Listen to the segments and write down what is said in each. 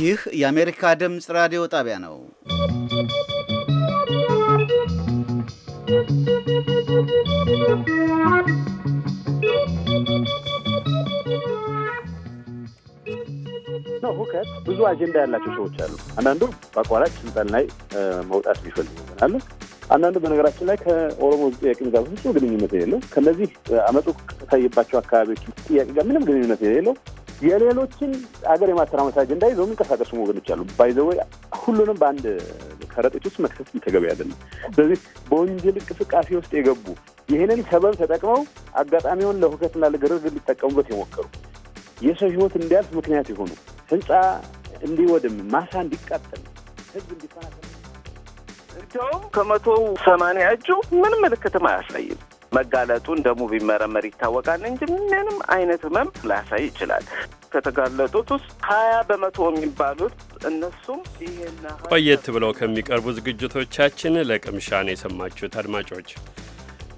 ይህ የአሜሪካ ድምፅ ራዲዮ ጣቢያ ነው። ሁከት ብዙ አጀንዳ ያላቸው ሰዎች አሉ። አንዳንዱ በአቋራጭ ስልጣን ላይ መውጣት ቢፈልግ ይሆናሉ። አንዳንዱ በነገራችን ላይ ከኦሮሞ ጥያቄ ጋር ፍጹም ግንኙነት የሌለው ከነዚህ አመፁ ከታየባቸው አካባቢዎች ጥያቄ ጋር ምንም ግንኙነት የሌለው የሌሎችን አገር የማተራመስ አጀንዳ ይዘው የሚንቀሳቀሱ ወገኖች አሉ። ባይዘወይ ሁሉንም በአንድ ከረጢት ውስጥ መክሰስ ተገቢ አይደለም። ስለዚህ በወንጀል እንቅስቃሴ ውስጥ የገቡ ይህንን ሰበብ ተጠቅመው አጋጣሚውን ለሁከትና ለግርግር ሊጠቀሙበት የሞከሩ የሰው ሕይወት እንዲያልፍ ምክንያት የሆኑ ህንፃ እንዲወድም፣ ማሳ እንዲቃጠል፣ ህዝብ እንዲፈናቀል እንዲያውም ከመቶ ሰማንያዎቹ ምንም ምልክትም አያሳይም። መጋለጡ እንደሙ ቢመረመር ይታወቃል እንጂ ምንም አይነት ህመም ላያሳይ ይችላል። ከተጋለጡት ውስጥ ሀያ በመቶ የሚባሉት እነሱም ይሄና ቆየት ብለው ከሚቀርቡ ዝግጅቶቻችን ለቅምሻ ነው የሰማችሁት አድማጮች።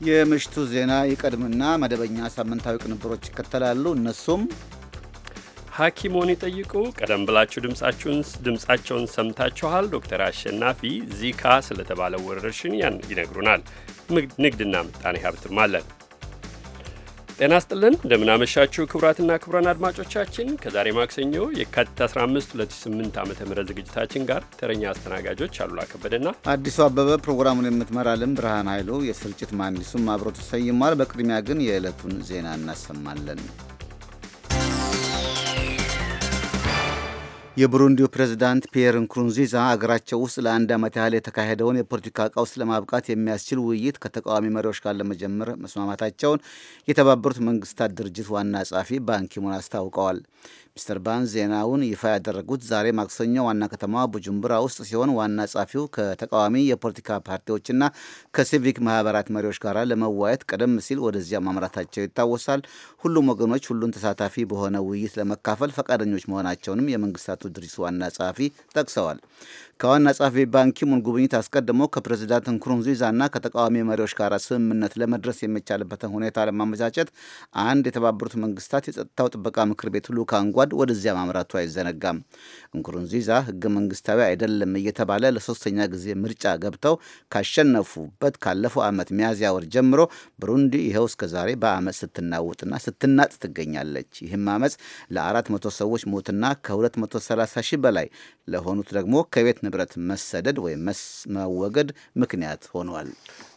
የምሽቱ ዜና ይቀድምና መደበኛ ሳምንታዊ ቅንብሮች ይከተላሉ። እነሱም ሐኪሞን ይጠይቁ። ቀደም ብላችሁ ድምጻቸውን ሰምታችኋል። ዶክተር አሸናፊ ዚካ ስለተባለ ወረርሽን ያን ይነግሩናል። ንግድና ምጣኔ ሀብትም አለን። ጤና ስጥልን እንደምናመሻችሁ ክቡራትና ክቡራን አድማጮቻችን ከዛሬ ማክሰኞ የካቲት 15 2008 ዓ ም ዝግጅታችን ጋር ተረኛ አስተናጋጆች አሉላ ከበደና አዲሱ አበበ፣ ፕሮግራሙን የምትመራልን ብርሃን ኃይሉ፣ የስርጭት መሐንዲሱም አብሮ ተሰይሟል። በቅድሚያ ግን የዕለቱን ዜና እናሰማለን። የቡሩንዲው ፕሬዝዳንት ፒየር ንኩሩንዚዛ አገራቸው ውስጥ ለአንድ ዓመት ያህል የተካሄደውን የፖለቲካ ቀውስ ለማብቃት የሚያስችል ውይይት ከተቃዋሚ መሪዎች ጋር ለመጀመር መስማማታቸውን የተባበሩት መንግስታት ድርጅት ዋና ጸሐፊ ባንኪሙን አስታውቀዋል። ሚስተር ባን ዜናውን ይፋ ያደረጉት ዛሬ ማክሰኞ ዋና ከተማዋ ቡጁምቡራ ውስጥ ሲሆን ዋና ጸሐፊው ከተቃዋሚ የፖለቲካ ፓርቲዎችና ከሲቪክ ማህበራት መሪዎች ጋር ለመዋየት ቀደም ሲል ወደዚያ ማምራታቸው ይታወሳል። ሁሉም ወገኖች ሁሉን ተሳታፊ በሆነ ውይይት ለመካፈል ፈቃደኞች መሆናቸውንም የመንግስታቱ ድርጅት ዋና ጸሐፊ ጠቅሰዋል። ከዋና ጸሐፊ ባንኪሙን ጉብኝት አስቀድሞ ከፕሬዚዳንት ንኩሩንዚዛና ከተቃዋሚ መሪዎች ጋር ስምምነት ለመድረስ የሚቻልበትን ሁኔታ ለማመቻቸት አንድ የተባበሩት መንግስታት የጸጥታው ጥበቃ ምክር ቤት ልዑካን ጓድ ወደዚያ ማምራቱ አይዘነጋም። እንኩሩንዚዛ ህገ መንግስታዊ አይደለም እየተባለ ለሶስተኛ ጊዜ ምርጫ ገብተው ካሸነፉበት ካለፈው ዓመት ሚያዝያ ወር ጀምሮ ብሩንዲ ይኸው እስከዛሬ በአመፅ ስትናውጥና ስትናጥ ትገኛለች። ይህም አመፅ ለ400 ሰዎች ሞትና ከ230 ሺህ በላይ ለሆኑት ደግሞ ከቤት ንብረት መሰደድ ወይም መወገድ ምክንያት ሆኗል።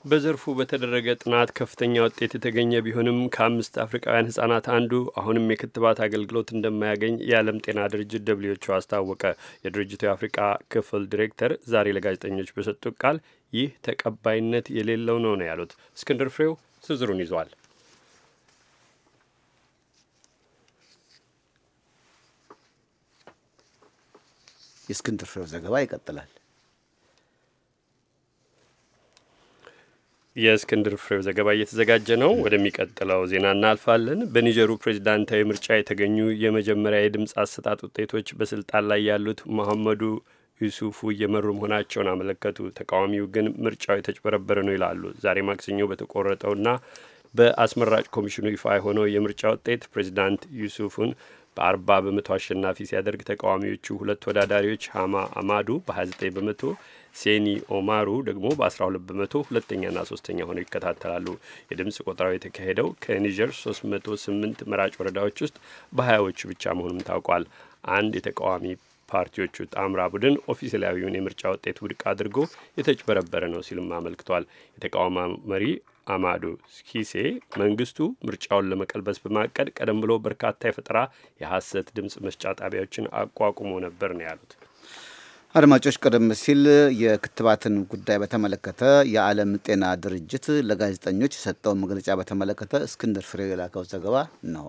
በዘርፉ በተደረገ ጥናት ከፍተኛ ውጤት የተገኘ ቢሆንም ከአምስት አፍሪካውያን ህጻናት አንዱ አሁንም የክትባት አገልግሎት እንደማያገኝ የዓለም ጤና ድርጅት ደብልዮቹ አስታወቀ። የድርጅቱ የአፍሪቃ ክፍል ዲሬክተር ዛሬ ለጋዜጠኞች በሰጡት ቃል ይህ ተቀባይነት የሌለው ነው ነው ያሉት። እስክንድር ፍሬው ዝርዝሩን ይዟል። የእስክንድር ፍሬው ዘገባ ይቀጥላል። የእስክንድር ፍሬው ዘገባ እየተዘጋጀ ነው። ወደሚቀጥለው ዜና እናልፋለን። በኒጀሩ ፕሬዚዳንታዊ ምርጫ የተገኙ የመጀመሪያ የድምፅ አሰጣጥ ውጤቶች በስልጣን ላይ ያሉት መሐመዱ ዩሱፉ እየመሩ መሆናቸውን አመለከቱ። ተቃዋሚው ግን ምርጫው የተጭበረበረ ነው ይላሉ። ዛሬ ማክሰኞ በተቆረጠውና በአስመራጭ ኮሚሽኑ ይፋ የሆነው የምርጫ ውጤት ፕሬዚዳንት ዩሱፉን በአርባ በመቶ አሸናፊ ሲያደርግ ተቃዋሚዎቹ ሁለት ተወዳዳሪዎች ሃማ አማዱ በ29 በመቶ ሴኒ ኦማሩ ደግሞ በ12 በመቶ ሁለተኛና ሶስተኛ ሆነው ይከታተላሉ። የድምፅ ቆጠራው የተካሄደው ከኒጀር 308 መራጭ ወረዳዎች ውስጥ በሀያዎቹ ብቻ መሆኑም ታውቋል። አንድ የተቃዋሚ ፓርቲዎቹ ጣምራ ቡድን ኦፊሴላዊውን የምርጫ ውጤት ውድቅ አድርጎ የተጭበረበረ ነው ሲልም አመልክቷል። የተቃዋሚ መሪ አማዶ ስኪሴ መንግስቱ ምርጫውን ለመቀልበስ በማቀድ ቀደም ብሎ በርካታ የፈጠራ የሐሰት ድምፅ መስጫ ጣቢያዎችን አቋቁሞ ነበር ነው ያሉት። አድማጮች፣ ቀደም ሲል የክትባትን ጉዳይ በተመለከተ የዓለም ጤና ድርጅት ለጋዜጠኞች የሰጠውን መግለጫ በተመለከተ እስክንድር ፍሬው የላከው ዘገባ ነው።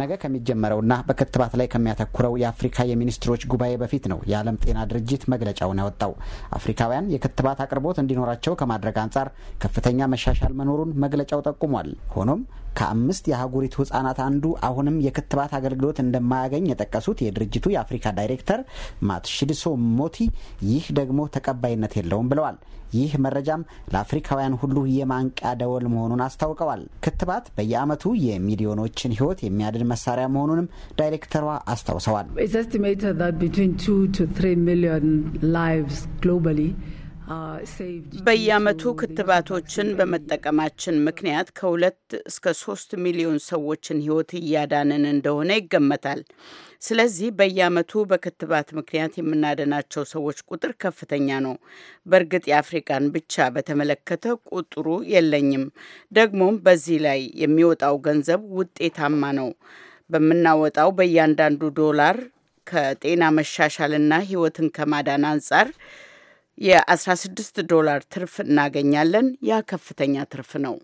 ነገ ከሚጀመረውና በክትባት ላይ ከሚያተኩረው የአፍሪካ የሚኒስትሮች ጉባኤ በፊት ነው የዓለም ጤና ድርጅት መግለጫውን ያወጣው። አፍሪካውያን የክትባት አቅርቦት እንዲኖራቸው ከማድረግ አንጻር ከፍተኛ መሻሻል መኖሩን መግለጫው ጠቁሟል። ሆኖም ከአምስት የአህጉሪቱ ህጻናት አንዱ አሁንም የክትባት አገልግሎት እንደማያገኝ የጠቀሱት የድርጅቱ የአፍሪካ ዳይሬክተር ማትሽድሶ ሞቲ ይህ ደግሞ ተቀባይነት የለውም ብለዋል። ይህ መረጃም ለአፍሪካውያን ሁሉ የማንቂያ ደወል መሆኑን አስታውቀዋል። ክትባት በየአመቱ የሚሊዮኖችን ህይወት የሚያድን መሳሪያ መሆኑንም ዳይሬክተሯ አስታውሰዋል። በየዓመቱ ክትባቶችን በመጠቀማችን ምክንያት ከሁለት እስከ ሶስት ሚሊዮን ሰዎችን ሕይወት እያዳንን እንደሆነ ይገመታል። ስለዚህ በየዓመቱ በክትባት ምክንያት የምናደናቸው ሰዎች ቁጥር ከፍተኛ ነው። በእርግጥ የአፍሪካን ብቻ በተመለከተ ቁጥሩ የለኝም። ደግሞም በዚህ ላይ የሚወጣው ገንዘብ ውጤታማ ነው። በምናወጣው በእያንዳንዱ ዶላር ከጤና መሻሻልና ሕይወትን ከማዳን አንጻር የ16 ዶላር ትርፍ እናገኛለን። ያ ከፍተኛ ትርፍ ነው።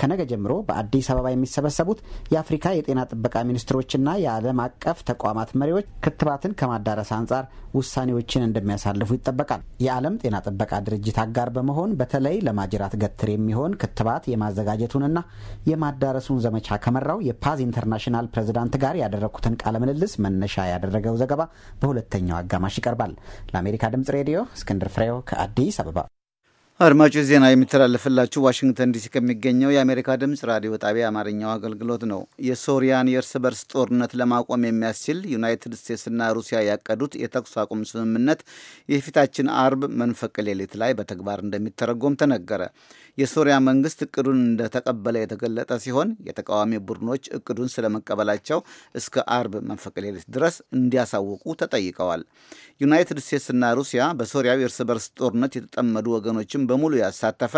ከነገ ጀምሮ በአዲስ አበባ የሚሰበሰቡት የአፍሪካ የጤና ጥበቃ ሚኒስትሮችና የዓለም አቀፍ ተቋማት መሪዎች ክትባትን ከማዳረስ አንጻር ውሳኔዎችን እንደሚያሳልፉ ይጠበቃል። የዓለም ጤና ጥበቃ ድርጅት አጋር በመሆን በተለይ ለማጅራት ገትር የሚሆን ክትባት የማዘጋጀቱንና የማዳረሱን ዘመቻ ከመራው የፓዝ ኢንተርናሽናል ፕሬዝዳንት ጋር ያደረግኩትን ቃለ ምልልስ መነሻ ያደረገው ዘገባ በሁለተኛው አጋማሽ ይቀርባል። ለአሜሪካ ድምጽ ሬዲዮ እስክንድር ፍሬው ከአዲስ አበባ አድማጮች ዜና የሚተላለፍላችሁ ዋሽንግተን ዲሲ ከሚገኘው የአሜሪካ ድምፅ ራዲዮ ጣቢያ አማርኛው አገልግሎት ነው። የሶሪያን የእርስ በርስ ጦርነት ለማቆም የሚያስችል ዩናይትድ ስቴትስና ሩሲያ ያቀዱት የተኩስ አቁም ስምምነት የፊታችን አርብ መንፈቅ ሌሊት ላይ በተግባር እንደሚተረጎም ተነገረ። የሶሪያ መንግስት እቅዱን እንደተቀበለ የተገለጠ ሲሆን የተቃዋሚ ቡድኖች እቅዱን ስለመቀበላቸው እስከ አርብ መንፈቀ ሌሊት ድረስ እንዲያሳውቁ ተጠይቀዋል። ዩናይትድ ስቴትስና ሩሲያ በሶሪያው የእርስ በርስ ጦርነት የተጠመዱ ወገኖችን በሙሉ ያሳተፈ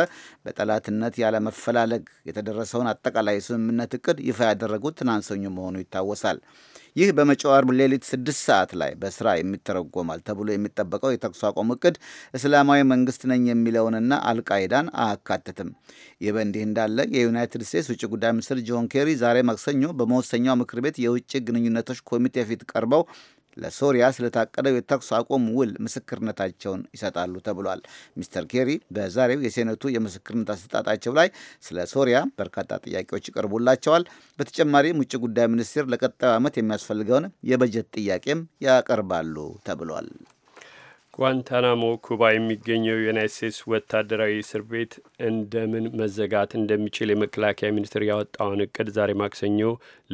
በጠላትነት ያለመፈላለግ የተደረሰውን አጠቃላይ ስምምነት እቅድ ይፋ ያደረጉት ትናንት ሰኞ መሆኑ ይታወሳል። ይህ በመጪው አርብ ሌሊት ስድስት ሰዓት ላይ በስራ የሚተረጎማል ተብሎ የሚጠበቀው የተኩስ አቁም እቅድ እስላማዊ መንግስት ነኝ የሚለውንና አልቃይዳን አያካትትም። ይህ በእንዲህ እንዳለ የዩናይትድ ስቴትስ ውጭ ጉዳይ ሚኒስትር ጆን ኬሪ ዛሬ ማክሰኞ በመወሰኛው ምክር ቤት የውጭ ግንኙነቶች ኮሚቴ ፊት ቀርበው ለሶሪያ ስለታቀደው የተኩስ አቁም ውል ምስክርነታቸውን ይሰጣሉ ተብሏል። ሚስተር ኬሪ በዛሬው የሴኔቱ የምስክርነት አሰጣጣቸው ላይ ስለ ሶሪያ በርካታ ጥያቄዎች ይቀርቡላቸዋል። በተጨማሪም ውጭ ጉዳይ ሚኒስቴር ለቀጣዩ ዓመት የሚያስፈልገውን የበጀት ጥያቄም ያቀርባሉ ተብሏል። ጓንታናሞ ኩባ የሚገኘው የዩናይት ስቴትስ ወታደራዊ እስር ቤት እንደምን መዘጋት እንደሚችል የመከላከያ ሚኒስቴር ያወጣውን እቅድ ዛሬ ማክሰኞ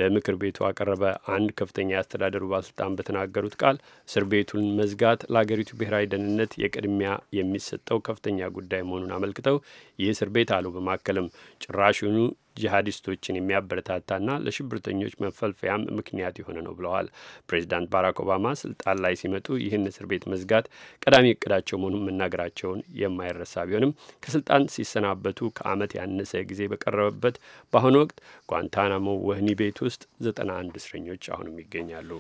ለምክር ቤቱ አቀረበ። አንድ ከፍተኛ የአስተዳደሩ ባለስልጣን በተናገሩት ቃል እስር ቤቱን መዝጋት ለአገሪቱ ብሔራዊ ደህንነት የቅድሚያ የሚሰጠው ከፍተኛ ጉዳይ መሆኑን አመልክተው ይህ እስር ቤት አሉ በማከልም ጭራሽኑ ጂሃዲስቶችን የሚያበረታታና ለሽብርተኞች መፈልፈያም ምክንያት የሆነ ነው ብለዋል። ፕሬዚዳንት ባራክ ኦባማ ስልጣን ላይ ሲመጡ ይህን እስር ቤት መዝጋት ቀዳሚ እቅዳቸው መሆኑን መናገራቸውን የማይረሳ ቢሆንም ከስልጣን ሲሰናበቱ ከአመት ያነሰ ጊዜ በቀረበበት በአሁኑ ወቅት ጓንታናሞ ወህኒ ቤት ውስጥ ዘጠና አንድ እስረኞች አሁንም ይገኛሉ።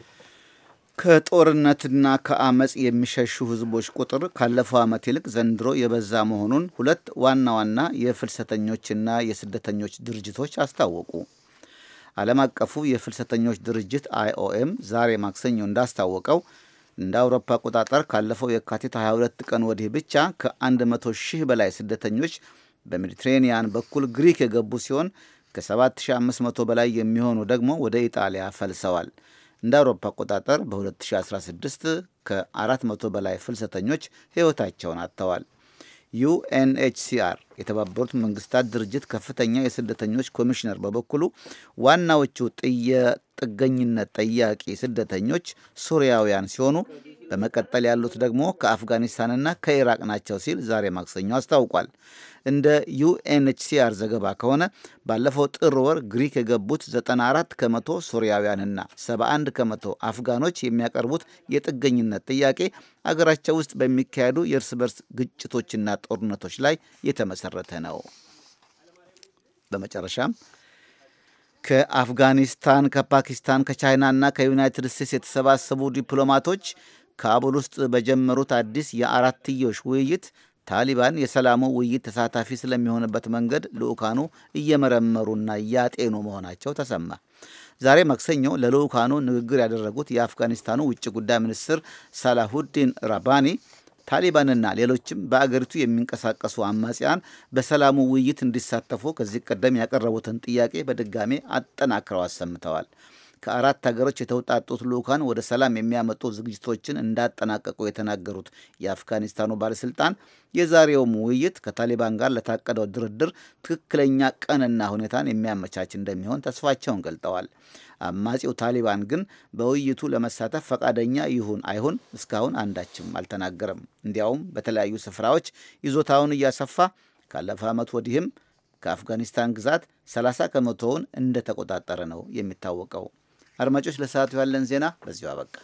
ከጦርነትና ከአመፅ የሚሸሹ ህዝቦች ቁጥር ካለፈው ዓመት ይልቅ ዘንድሮ የበዛ መሆኑን ሁለት ዋና ዋና የፍልሰተኞችና የስደተኞች ድርጅቶች አስታወቁ። ዓለም አቀፉ የፍልሰተኞች ድርጅት አይኦኤም ዛሬ ማክሰኞ እንዳስታወቀው እንደ አውሮፓ አቆጣጠር ካለፈው የካቲት 22 ቀን ወዲህ ብቻ ከ100 ሺህ በላይ ስደተኞች በሜዲትሬኒያን በኩል ግሪክ የገቡ ሲሆን ከ7500 በላይ የሚሆኑ ደግሞ ወደ ኢጣሊያ ፈልሰዋል። እንደ አውሮፓ አቆጣጠር በ2016 ከ400 በላይ ፍልሰተኞች ሕይወታቸውን አጥተዋል። ዩኤንኤችሲአር የተባበሩት መንግስታት ድርጅት ከፍተኛ የስደተኞች ኮሚሽነር በበኩሉ ዋናዎቹ ጥገኝነት ጠያቂ ስደተኞች ሱሪያውያን ሲሆኑ በመቀጠል ያሉት ደግሞ ከአፍጋኒስታንና ከኢራቅ ናቸው ሲል ዛሬ ማክሰኞ አስታውቋል። እንደ ዩኤንኤችሲአር ዘገባ ከሆነ ባለፈው ጥር ወር ግሪክ የገቡት 94 ከመቶ ሶሪያውያንና 71 ከመቶ አፍጋኖች የሚያቀርቡት የጥገኝነት ጥያቄ አገራቸው ውስጥ በሚካሄዱ የእርስ በርስ ግጭቶችና ጦርነቶች ላይ የተመሰረተ ነው። በመጨረሻም ከአፍጋኒስታን፣ ከፓኪስታን፣ ከቻይናና ከዩናይትድ ስቴትስ የተሰባሰቡ ዲፕሎማቶች ካቡል ውስጥ በጀመሩት አዲስ የአራትዮሽ ውይይት ታሊባን የሰላሙ ውይይት ተሳታፊ ስለሚሆንበት መንገድ ልዑካኑ እየመረመሩና እያጤኑ መሆናቸው ተሰማ። ዛሬ ማክሰኞ ለልዑካኑ ንግግር ያደረጉት የአፍጋኒስታኑ ውጭ ጉዳይ ሚኒስትር ሳላሁዲን ራባኒ ታሊባንና ሌሎችም በአገሪቱ የሚንቀሳቀሱ አማጽያን በሰላሙ ውይይት እንዲሳተፉ ከዚህ ቀደም ያቀረቡትን ጥያቄ በድጋሜ አጠናክረው አሰምተዋል። ከአራት ሀገሮች የተውጣጡት ልኡካን ወደ ሰላም የሚያመጡ ዝግጅቶችን እንዳጠናቀቁ የተናገሩት የአፍጋኒስታኑ ባለስልጣን የዛሬውም ውይይት ከታሊባን ጋር ለታቀደው ድርድር ትክክለኛ ቀንና ሁኔታን የሚያመቻች እንደሚሆን ተስፋቸውን ገልጠዋል። አማጺው ታሊባን ግን በውይይቱ ለመሳተፍ ፈቃደኛ ይሁን አይሁን እስካሁን አንዳችም አልተናገረም። እንዲያውም በተለያዩ ስፍራዎች ይዞታውን እያሰፋ ካለፈ ዓመት ወዲህም ከአፍጋኒስታን ግዛት 30 ከመቶውን እንደተቆጣጠረ ነው የሚታወቀው። አድማጮች፣ ለሰዓቱ ያለን ዜና በዚሁ አበቃ።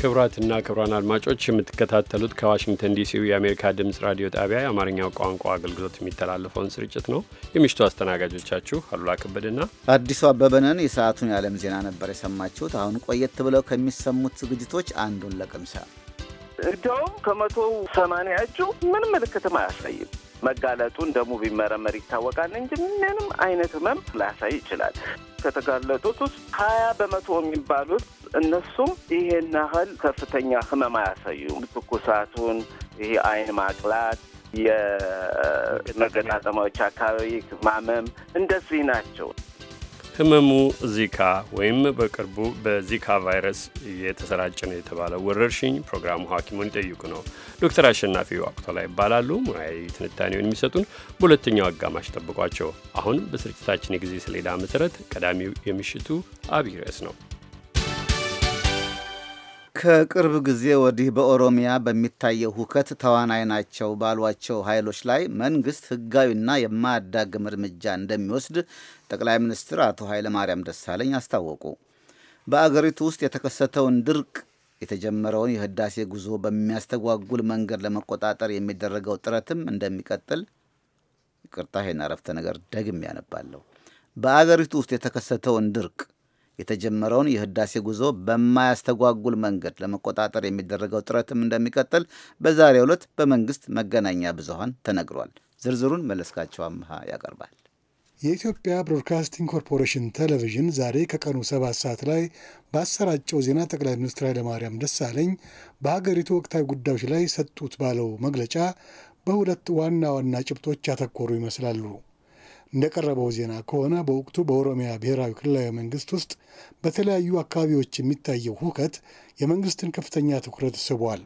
ክቡራትና ክቡራን አድማጮች የምትከታተሉት ከዋሽንግተን ዲሲው የአሜሪካ ድምፅ ራዲዮ ጣቢያ የአማርኛው ቋንቋ አገልግሎት የሚተላለፈውን ስርጭት ነው። የምሽቱ አስተናጋጆቻችሁ አሉላ ከበድና አዲሱ አበበንን የሰዓቱን የዓለም ዜና ነበር የሰማችሁት። አሁን ቆየት ብለው ከሚሰሙት ዝግጅቶች አንዱን ለቅምሳ እንዲያውም ከመቶ እጩ ምንም ምልክትም አያሳይም። መጋለጡን እንደ ቢመረመር ይታወቃል እንጂ ምንም አይነት ህመም ላያሳይ ይችላል። ከተጋለጡት ውስጥ ሀያ በመቶ የሚባሉት እነሱም ይሄን ያህል ከፍተኛ ህመም አያሳዩም። ትኩሳቱን፣ ይሄ አይን ማቅላት፣ የመገጣጠማዎች አካባቢ ማመም እንደዚህ ናቸው። ህመሙ ዚካ ወይም በቅርቡ በዚካ ቫይረስ የተሰራጨ ነው የተባለው ወረርሽኝ ፕሮግራሙ ሐኪሙን ይጠይቁ ነው። ዶክተር አሸናፊ ላይ ይባላሉ። ሙያዊ ትንታኔውን የሚሰጡን በሁለተኛው አጋማሽ ጠብቋቸው። አሁን በስርጭታችን የጊዜ ሰሌዳ መሰረት ቀዳሚው የምሽቱ አብይ ርዕስ ነው። ከቅርብ ጊዜ ወዲህ በኦሮሚያ በሚታየው ሁከት ተዋናይ ናቸው ባሏቸው ኃይሎች ላይ መንግስት ህጋዊና የማያዳግም እርምጃ እንደሚወስድ ጠቅላይ ሚኒስትር አቶ ኃይለማርያም ደሳለኝ አስታወቁ። በአገሪቱ ውስጥ የተከሰተውን ድርቅ የተጀመረውን የህዳሴ ጉዞ በሚያስተጓጉል መንገድ ለመቆጣጠር የሚደረገው ጥረትም እንደሚቀጥል ይቅርታ፣ ይህን አረፍተ ነገር ደግም ያነባለሁ። በአገሪቱ ውስጥ የተከሰተውን ድርቅ የተጀመረውን የህዳሴ ጉዞ በማያስተጓጉል መንገድ ለመቆጣጠር የሚደረገው ጥረትም እንደሚቀጥል በዛሬው ዕለት በመንግስት መገናኛ ብዙሀን ተነግሯል። ዝርዝሩን መለስካቸው አምሃ ያቀርባል። የኢትዮጵያ ብሮድካስቲንግ ኮርፖሬሽን ቴሌቪዥን ዛሬ ከቀኑ ሰባት ሰዓት ላይ ባሰራጨው ዜና ጠቅላይ ሚኒስትር ኃይለማርያም ደሳለኝ በሀገሪቱ ወቅታዊ ጉዳዮች ላይ ሰጡት ባለው መግለጫ በሁለት ዋና ዋና ጭብጦች ያተኮሩ ይመስላሉ። እንደቀረበው ዜና ከሆነ በወቅቱ በኦሮሚያ ብሔራዊ ክልላዊ መንግስት ውስጥ በተለያዩ አካባቢዎች የሚታየው ሁከት የመንግስትን ከፍተኛ ትኩረት ስቧል።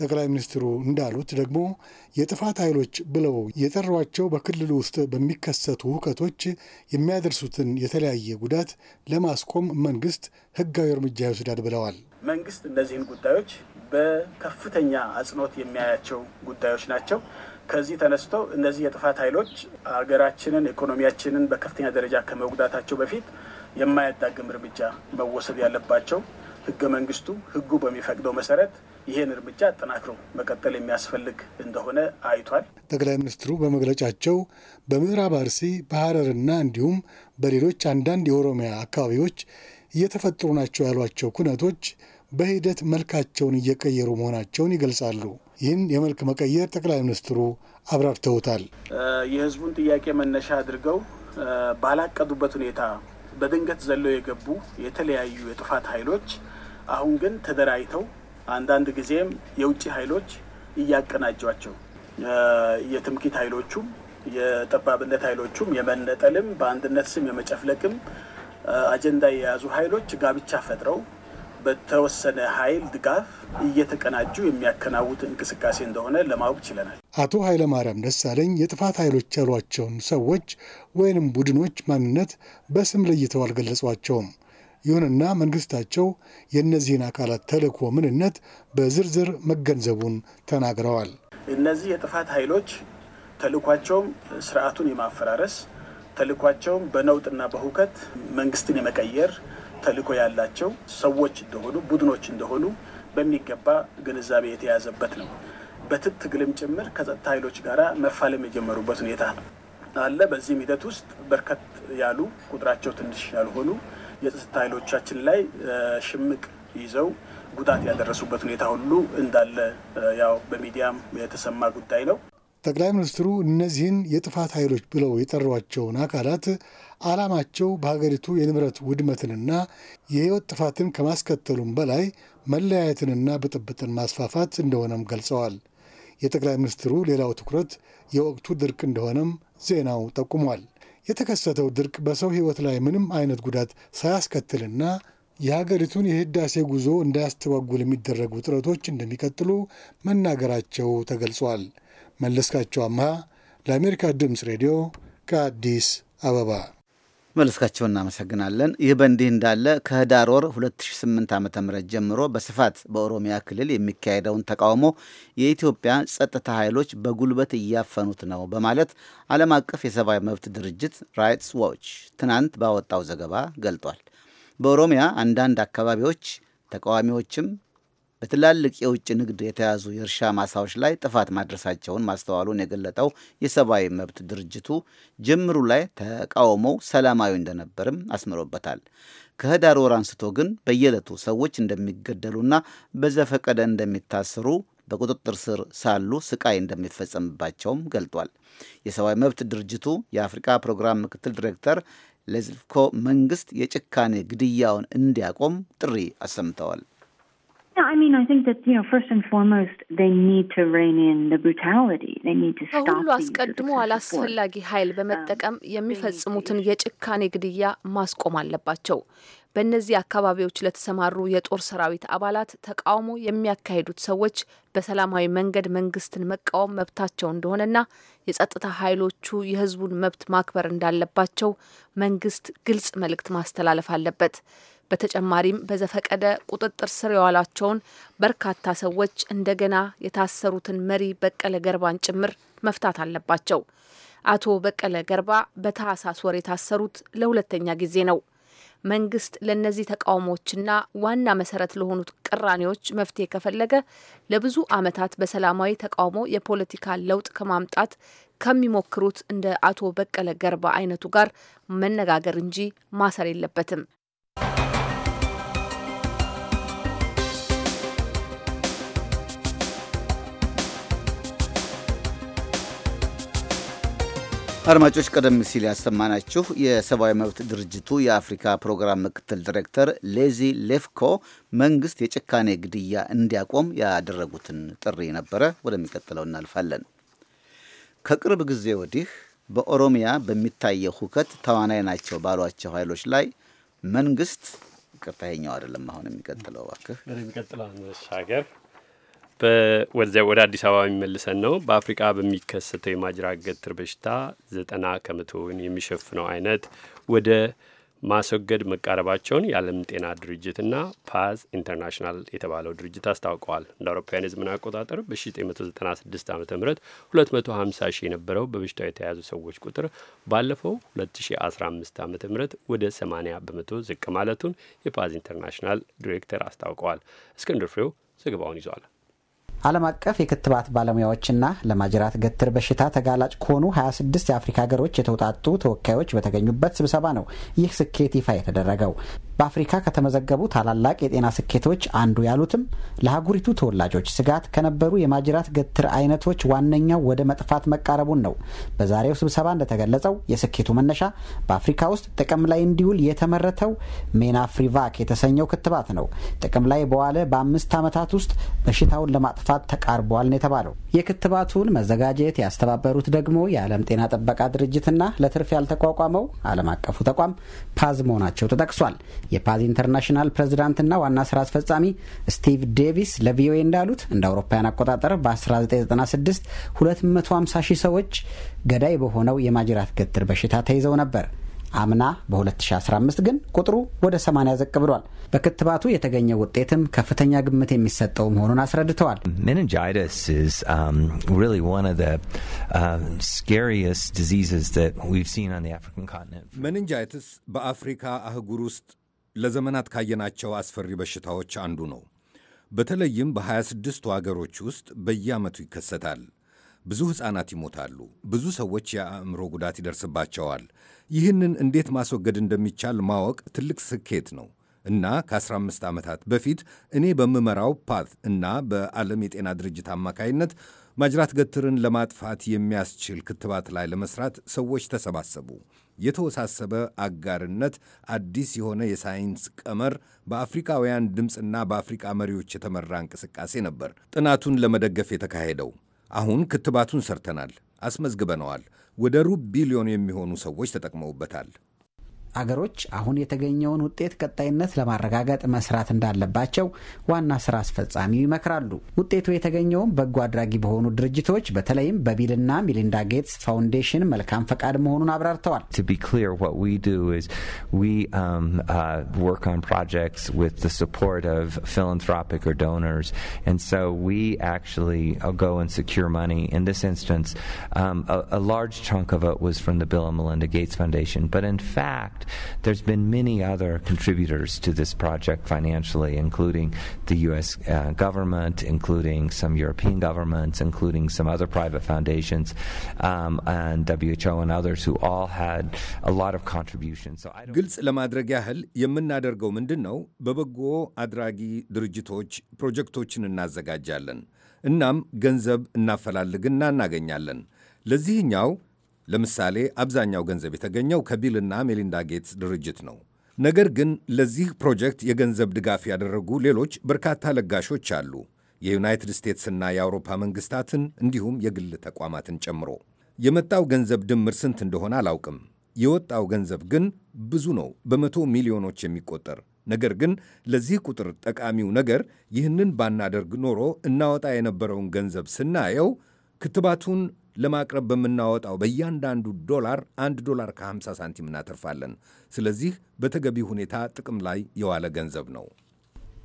ጠቅላይ ሚኒስትሩ እንዳሉት ደግሞ የጥፋት ኃይሎች ብለው የጠሯቸው በክልሉ ውስጥ በሚከሰቱ ሁከቶች የሚያደርሱትን የተለያየ ጉዳት ለማስቆም መንግስት ህጋዊ እርምጃ ይወስዳል ብለዋል። መንግስት እነዚህን ጉዳዮች በከፍተኛ አጽንኦት የሚያያቸው ጉዳዮች ናቸው። ከዚህ ተነስተው እነዚህ የጥፋት ኃይሎች ሀገራችንን፣ ኢኮኖሚያችንን በከፍተኛ ደረጃ ከመጉዳታቸው በፊት የማያዳግም እርምጃ መወሰድ ያለባቸው ህገ መንግስቱ ህጉ በሚፈቅደው መሰረት ይህን እርምጃ አጠናክሮ መቀጠል የሚያስፈልግ እንደሆነ አይቷል። ጠቅላይ ሚኒስትሩ በመግለጫቸው በምዕራብ አርሲ በሐረርና እንዲሁም በሌሎች አንዳንድ የኦሮሚያ አካባቢዎች እየተፈጠሩ ናቸው ያሏቸው ኩነቶች በሂደት መልካቸውን እየቀየሩ መሆናቸውን ይገልጻሉ። ይህን የመልክ መቀየር ጠቅላይ ሚኒስትሩ አብራርተውታል። የህዝቡን ጥያቄ መነሻ አድርገው ባላቀዱበት ሁኔታ በድንገት ዘለው የገቡ የተለያዩ የጥፋት ኃይሎች አሁን ግን ተደራጅተው አንዳንድ ጊዜም የውጭ ኃይሎች እያቀናጇቸው የትምኪት ኃይሎቹም የጠባብነት ኃይሎቹም የመነጠልም በአንድነት ስም የመጨፍለቅም አጀንዳ የያዙ ኃይሎች ጋብቻ ፈጥረው በተወሰነ ኃይል ድጋፍ እየተቀናጁ የሚያከናውት እንቅስቃሴ እንደሆነ ለማወቅ ችለናል። አቶ ኃይለማርያም ደሳለኝ የጥፋት ኃይሎች ያሏቸውን ሰዎች ወይንም ቡድኖች ማንነት በስም ለይተው አልገለጿቸውም። ይሁንና መንግስታቸው የእነዚህን አካላት ተልእኮ ምንነት በዝርዝር መገንዘቡን ተናግረዋል። እነዚህ የጥፋት ኃይሎች ተልኳቸውም ስርዓቱን የማፈራረስ ተልኳቸውም በነውጥና በሁከት መንግስትን የመቀየር ተልእኮ ያላቸው ሰዎች እንደሆኑ ቡድኖች እንደሆኑ በሚገባ ግንዛቤ የተያዘበት ነው። በትጥቅ ትግልም ጭምር ከጸጥታ ኃይሎች ጋር መፋለም የጀመሩበት ሁኔታ አለ። በዚህም ሂደት ውስጥ በርከት ያሉ ቁጥራቸው ትንሽ ያልሆኑ የጸጥታ ኃይሎቻችን ላይ ሽምቅ ይዘው ጉዳት ያደረሱበት ሁኔታ ሁሉ እንዳለ ያው በሚዲያም የተሰማ ጉዳይ ነው። ጠቅላይ ሚኒስትሩ እነዚህን የጥፋት ኃይሎች ብለው የጠሯቸውን አካላት ዓላማቸው በሀገሪቱ የንብረት ውድመትንና የህይወት ጥፋትን ከማስከተሉም በላይ መለያየትንና ብጥብጥን ማስፋፋት እንደሆነም ገልጸዋል። የጠቅላይ ሚኒስትሩ ሌላው ትኩረት የወቅቱ ድርቅ እንደሆነም ዜናው ጠቁሟል። የተከሰተው ድርቅ በሰው ህይወት ላይ ምንም አይነት ጉዳት ሳያስከትልና የሀገሪቱን የህዳሴ ጉዞ እንዳያስተጓጉል የሚደረጉ ጥረቶች እንደሚቀጥሉ መናገራቸው ተገልጿል። መለስካቸው አምሃ ለአሜሪካ ድምፅ ሬዲዮ ከአዲስ አበባ። መለስካቸው እናመሰግናለን። ይህ በእንዲህ እንዳለ ከህዳር ወር 2008 ዓ ም ጀምሮ በስፋት በኦሮሚያ ክልል የሚካሄደውን ተቃውሞ የኢትዮጵያ ጸጥታ ኃይሎች በጉልበት እያፈኑት ነው በማለት ዓለም አቀፍ የሰብአዊ መብት ድርጅት ራይትስ ዋች ትናንት ባወጣው ዘገባ ገልጧል። በኦሮሚያ አንዳንድ አካባቢዎች ተቃዋሚዎችም በትላልቅ የውጭ ንግድ የተያዙ የእርሻ ማሳዎች ላይ ጥፋት ማድረሳቸውን ማስተዋሉን የገለጠው የሰብአዊ መብት ድርጅቱ ጅምሩ ላይ ተቃውሞው ሰላማዊ እንደነበርም አስምሮበታል። ከህዳር ወር አንስቶ ግን በየዕለቱ ሰዎች እንደሚገደሉና በዘፈቀደ እንደሚታሰሩ በቁጥጥር ስር ሳሉ ስቃይ እንደሚፈጸምባቸውም ገልጧል። የሰብአዊ መብት ድርጅቱ የአፍሪካ ፕሮግራም ምክትል ዲሬክተር ለዝልኮ መንግስት የጭካኔ ግድያውን እንዲያቆም ጥሪ አሰምተዋል። Yeah, I mean, I think that, you know, first and foremost, they need to rein in the brutality. They need to stop ከሁሉ አስቀድሞ አላስፈላጊ ኃይል um, በመጠቀም የሚፈጽሙትን የጭካኔ ግድያ ማስቆም አለባቸው። በእነዚህ አካባቢዎች ለተሰማሩ የጦር ሰራዊት አባላት ተቃውሞ የሚያካሂዱት ሰዎች በሰላማዊ መንገድ መንግስትን መቃወም መብታቸው እንደሆነና የጸጥታ ኃይሎቹ የህዝቡን መብት ማክበር እንዳለባቸው መንግስት ግልጽ መልእክት ማስተላለፍ አለበት። በተጨማሪም በዘፈቀደ ቁጥጥር ስር የዋላቸውን በርካታ ሰዎች እንደገና የታሰሩትን መሪ በቀለ ገርባን ጭምር መፍታት አለባቸው። አቶ በቀለ ገርባ በታህሳስ ወር የታሰሩት ለሁለተኛ ጊዜ ነው። መንግስት ለእነዚህ ተቃውሞዎችና ዋና መሰረት ለሆኑት ቅራኔዎች መፍትሄ ከፈለገ ለብዙ ዓመታት በሰላማዊ ተቃውሞ የፖለቲካ ለውጥ ከማምጣት ከሚሞክሩት እንደ አቶ በቀለ ገርባ አይነቱ ጋር መነጋገር እንጂ ማሰር የለበትም። አድማጮች ቀደም ሲል ያሰማናችሁ የሰብአዊ መብት ድርጅቱ የአፍሪካ ፕሮግራም ምክትል ዲሬክተር ሌዚ ሌፍኮ መንግስት የጭካኔ ግድያ እንዲያቆም ያደረጉትን ጥሪ ነበረ። ወደሚቀጥለው እናልፋለን። ከቅርብ ጊዜ ወዲህ በኦሮሚያ በሚታየው ሁከት ተዋናይ ናቸው ባሏቸው ኃይሎች ላይ መንግስት ይቅርታ፣ ይኸኛው አይደለም አሁን የሚቀጥለው እባክህ ወደ አዲስ አበባ የሚመልሰን ነው። በአፍሪቃ በሚከሰተው የማጅራት ገትር በሽታ ዘጠና ከመቶውን የሚሸፍነው አይነት ወደ ማስወገድ መቃረባቸውን የዓለም ጤና ድርጅት ና ፓዝ ኢንተርናሽናል የተባለው ድርጅት አስታውቀዋል። እንደ አውሮፓውያን የዘመን አቆጣጠር በ1996 ዓ ም 250 ሺህ የነበረው በበሽታው የተያዙ ሰዎች ቁጥር ባለፈው 2015 ዓ ም ወደ 80 በመቶ ዝቅ ማለቱን የፓዝ ኢንተርናሽናል ዲሬክተር አስታውቀዋል። እስክንድር ፍሬው ዘገባውን ይዟል። ዓለም አቀፍ የክትባት ባለሙያዎችና ለማጅራት ገትር በሽታ ተጋላጭ ከሆኑ 26 የአፍሪካ ሀገሮች የተውጣጡ ተወካዮች በተገኙበት ስብሰባ ነው ይህ ስኬት ይፋ የተደረገው። በአፍሪካ ከተመዘገቡ ታላላቅ የጤና ስኬቶች አንዱ ያሉትም ለአህጉሪቱ ተወላጆች ስጋት ከነበሩ የማጅራት ገትር አይነቶች ዋነኛው ወደ መጥፋት መቃረቡን ነው። በዛሬው ስብሰባ እንደተገለጸው የስኬቱ መነሻ በአፍሪካ ውስጥ ጥቅም ላይ እንዲውል የተመረተው ሜናፍሪቫክ የተሰኘው ክትባት ነው። ጥቅም ላይ በዋለ በአምስት ዓመታት ውስጥ በሽታውን ለማጥፋት ለማጥፋት ተቃርቧል ነው የተባለው። የክትባቱን መዘጋጀት ያስተባበሩት ደግሞ የዓለም ጤና ጥበቃ ድርጅትና ለትርፍ ያልተቋቋመው ዓለም አቀፉ ተቋም ፓዝ መሆናቸው ተጠቅሷል። የፓዝ ኢንተርናሽናል ፕሬዚዳንትና ዋና ስራ አስፈጻሚ ስቲቭ ዴቪስ ለቪኦኤ እንዳሉት እንደ አውሮፓውያን አቆጣጠር በ1996 250 ሺህ ሰዎች ገዳይ በሆነው የማጅራት ገትር በሽታ ተይዘው ነበር። አምና በ2015 ግን ቁጥሩ ወደ 80 ዘቅ ብሏል። በክትባቱ የተገኘ ውጤትም ከፍተኛ ግምት የሚሰጠው መሆኑን አስረድተዋል። ሜኒንጃይትስ um, um, በአፍሪካ አህጉር ውስጥ ለዘመናት ካየናቸው አስፈሪ በሽታዎች አንዱ ነው። በተለይም በ26ቱ አገሮች ውስጥ በየዓመቱ ይከሰታል። ብዙ ሕፃናት ይሞታሉ፣ ብዙ ሰዎች የአእምሮ ጉዳት ይደርስባቸዋል። ይህንን እንዴት ማስወገድ እንደሚቻል ማወቅ ትልቅ ስኬት ነው እና ከ15 ዓመታት በፊት እኔ በምመራው ፓት እና በዓለም የጤና ድርጅት አማካይነት ማጅራት ገትርን ለማጥፋት የሚያስችል ክትባት ላይ ለመስራት ሰዎች ተሰባሰቡ። የተወሳሰበ አጋርነት አዲስ የሆነ የሳይንስ ቀመር በአፍሪካውያን ድምፅና በአፍሪካ መሪዎች የተመራ እንቅስቃሴ ነበር ጥናቱን ለመደገፍ የተካሄደው። አሁን ክትባቱን ሰርተናል፣ አስመዝግበነዋል። ወደ ሩብ ቢሊዮን የሚሆኑ ሰዎች ተጠቅመውበታል። አገሮች አሁን የተገኘውን ውጤት ቀጣይነት ለማረጋገጥ መስራት እንዳለባቸው ዋና ስራ አስፈጻሚው ይመክራሉ። ውጤቱ የተገኘውም በጎ አድራጊ በሆኑ ድርጅቶች በተለይም በቢልና ሚሊንዳ ጌትስ ፋውንዴሽን መልካም ፈቃድ መሆኑን አብራርተዋል። um, uh, uh, um, a, a large chunk of it was from the Bill and Melinda Gates Foundation. But in fact, There's been many other contributors to this project financially, including the U.S. Uh, government, including some European governments, including some other private foundations, um, and WHO and others who all had a lot of contributions. So ግልጽ ለማድረግ ያህል የምናደርገው ምንድን ነው? በበጎ አድራጊ ድርጅቶች ፕሮጀክቶችን እናዘጋጃለን። እናም ገንዘብ እናፈላልግና እናገኛለን። ለዚህኛው ለምሳሌ አብዛኛው ገንዘብ የተገኘው ከቢልና ሜሊንዳ ጌትስ ድርጅት ነው። ነገር ግን ለዚህ ፕሮጀክት የገንዘብ ድጋፍ ያደረጉ ሌሎች በርካታ ለጋሾች አሉ፣ የዩናይትድ ስቴትስና የአውሮፓ መንግስታትን እንዲሁም የግል ተቋማትን ጨምሮ። የመጣው ገንዘብ ድምር ስንት እንደሆነ አላውቅም። የወጣው ገንዘብ ግን ብዙ ነው፣ በመቶ ሚሊዮኖች የሚቆጠር ነገር ግን ለዚህ ቁጥር ጠቃሚው ነገር ይህንን ባናደርግ ኖሮ እናወጣ የነበረውን ገንዘብ ስናየው ክትባቱን ለማቅረብ በምናወጣው በእያንዳንዱ ዶላር አንድ ዶላር ከ50 ሳንቲም እናተርፋለን። ስለዚህ በተገቢ ሁኔታ ጥቅም ላይ የዋለ ገንዘብ ነው።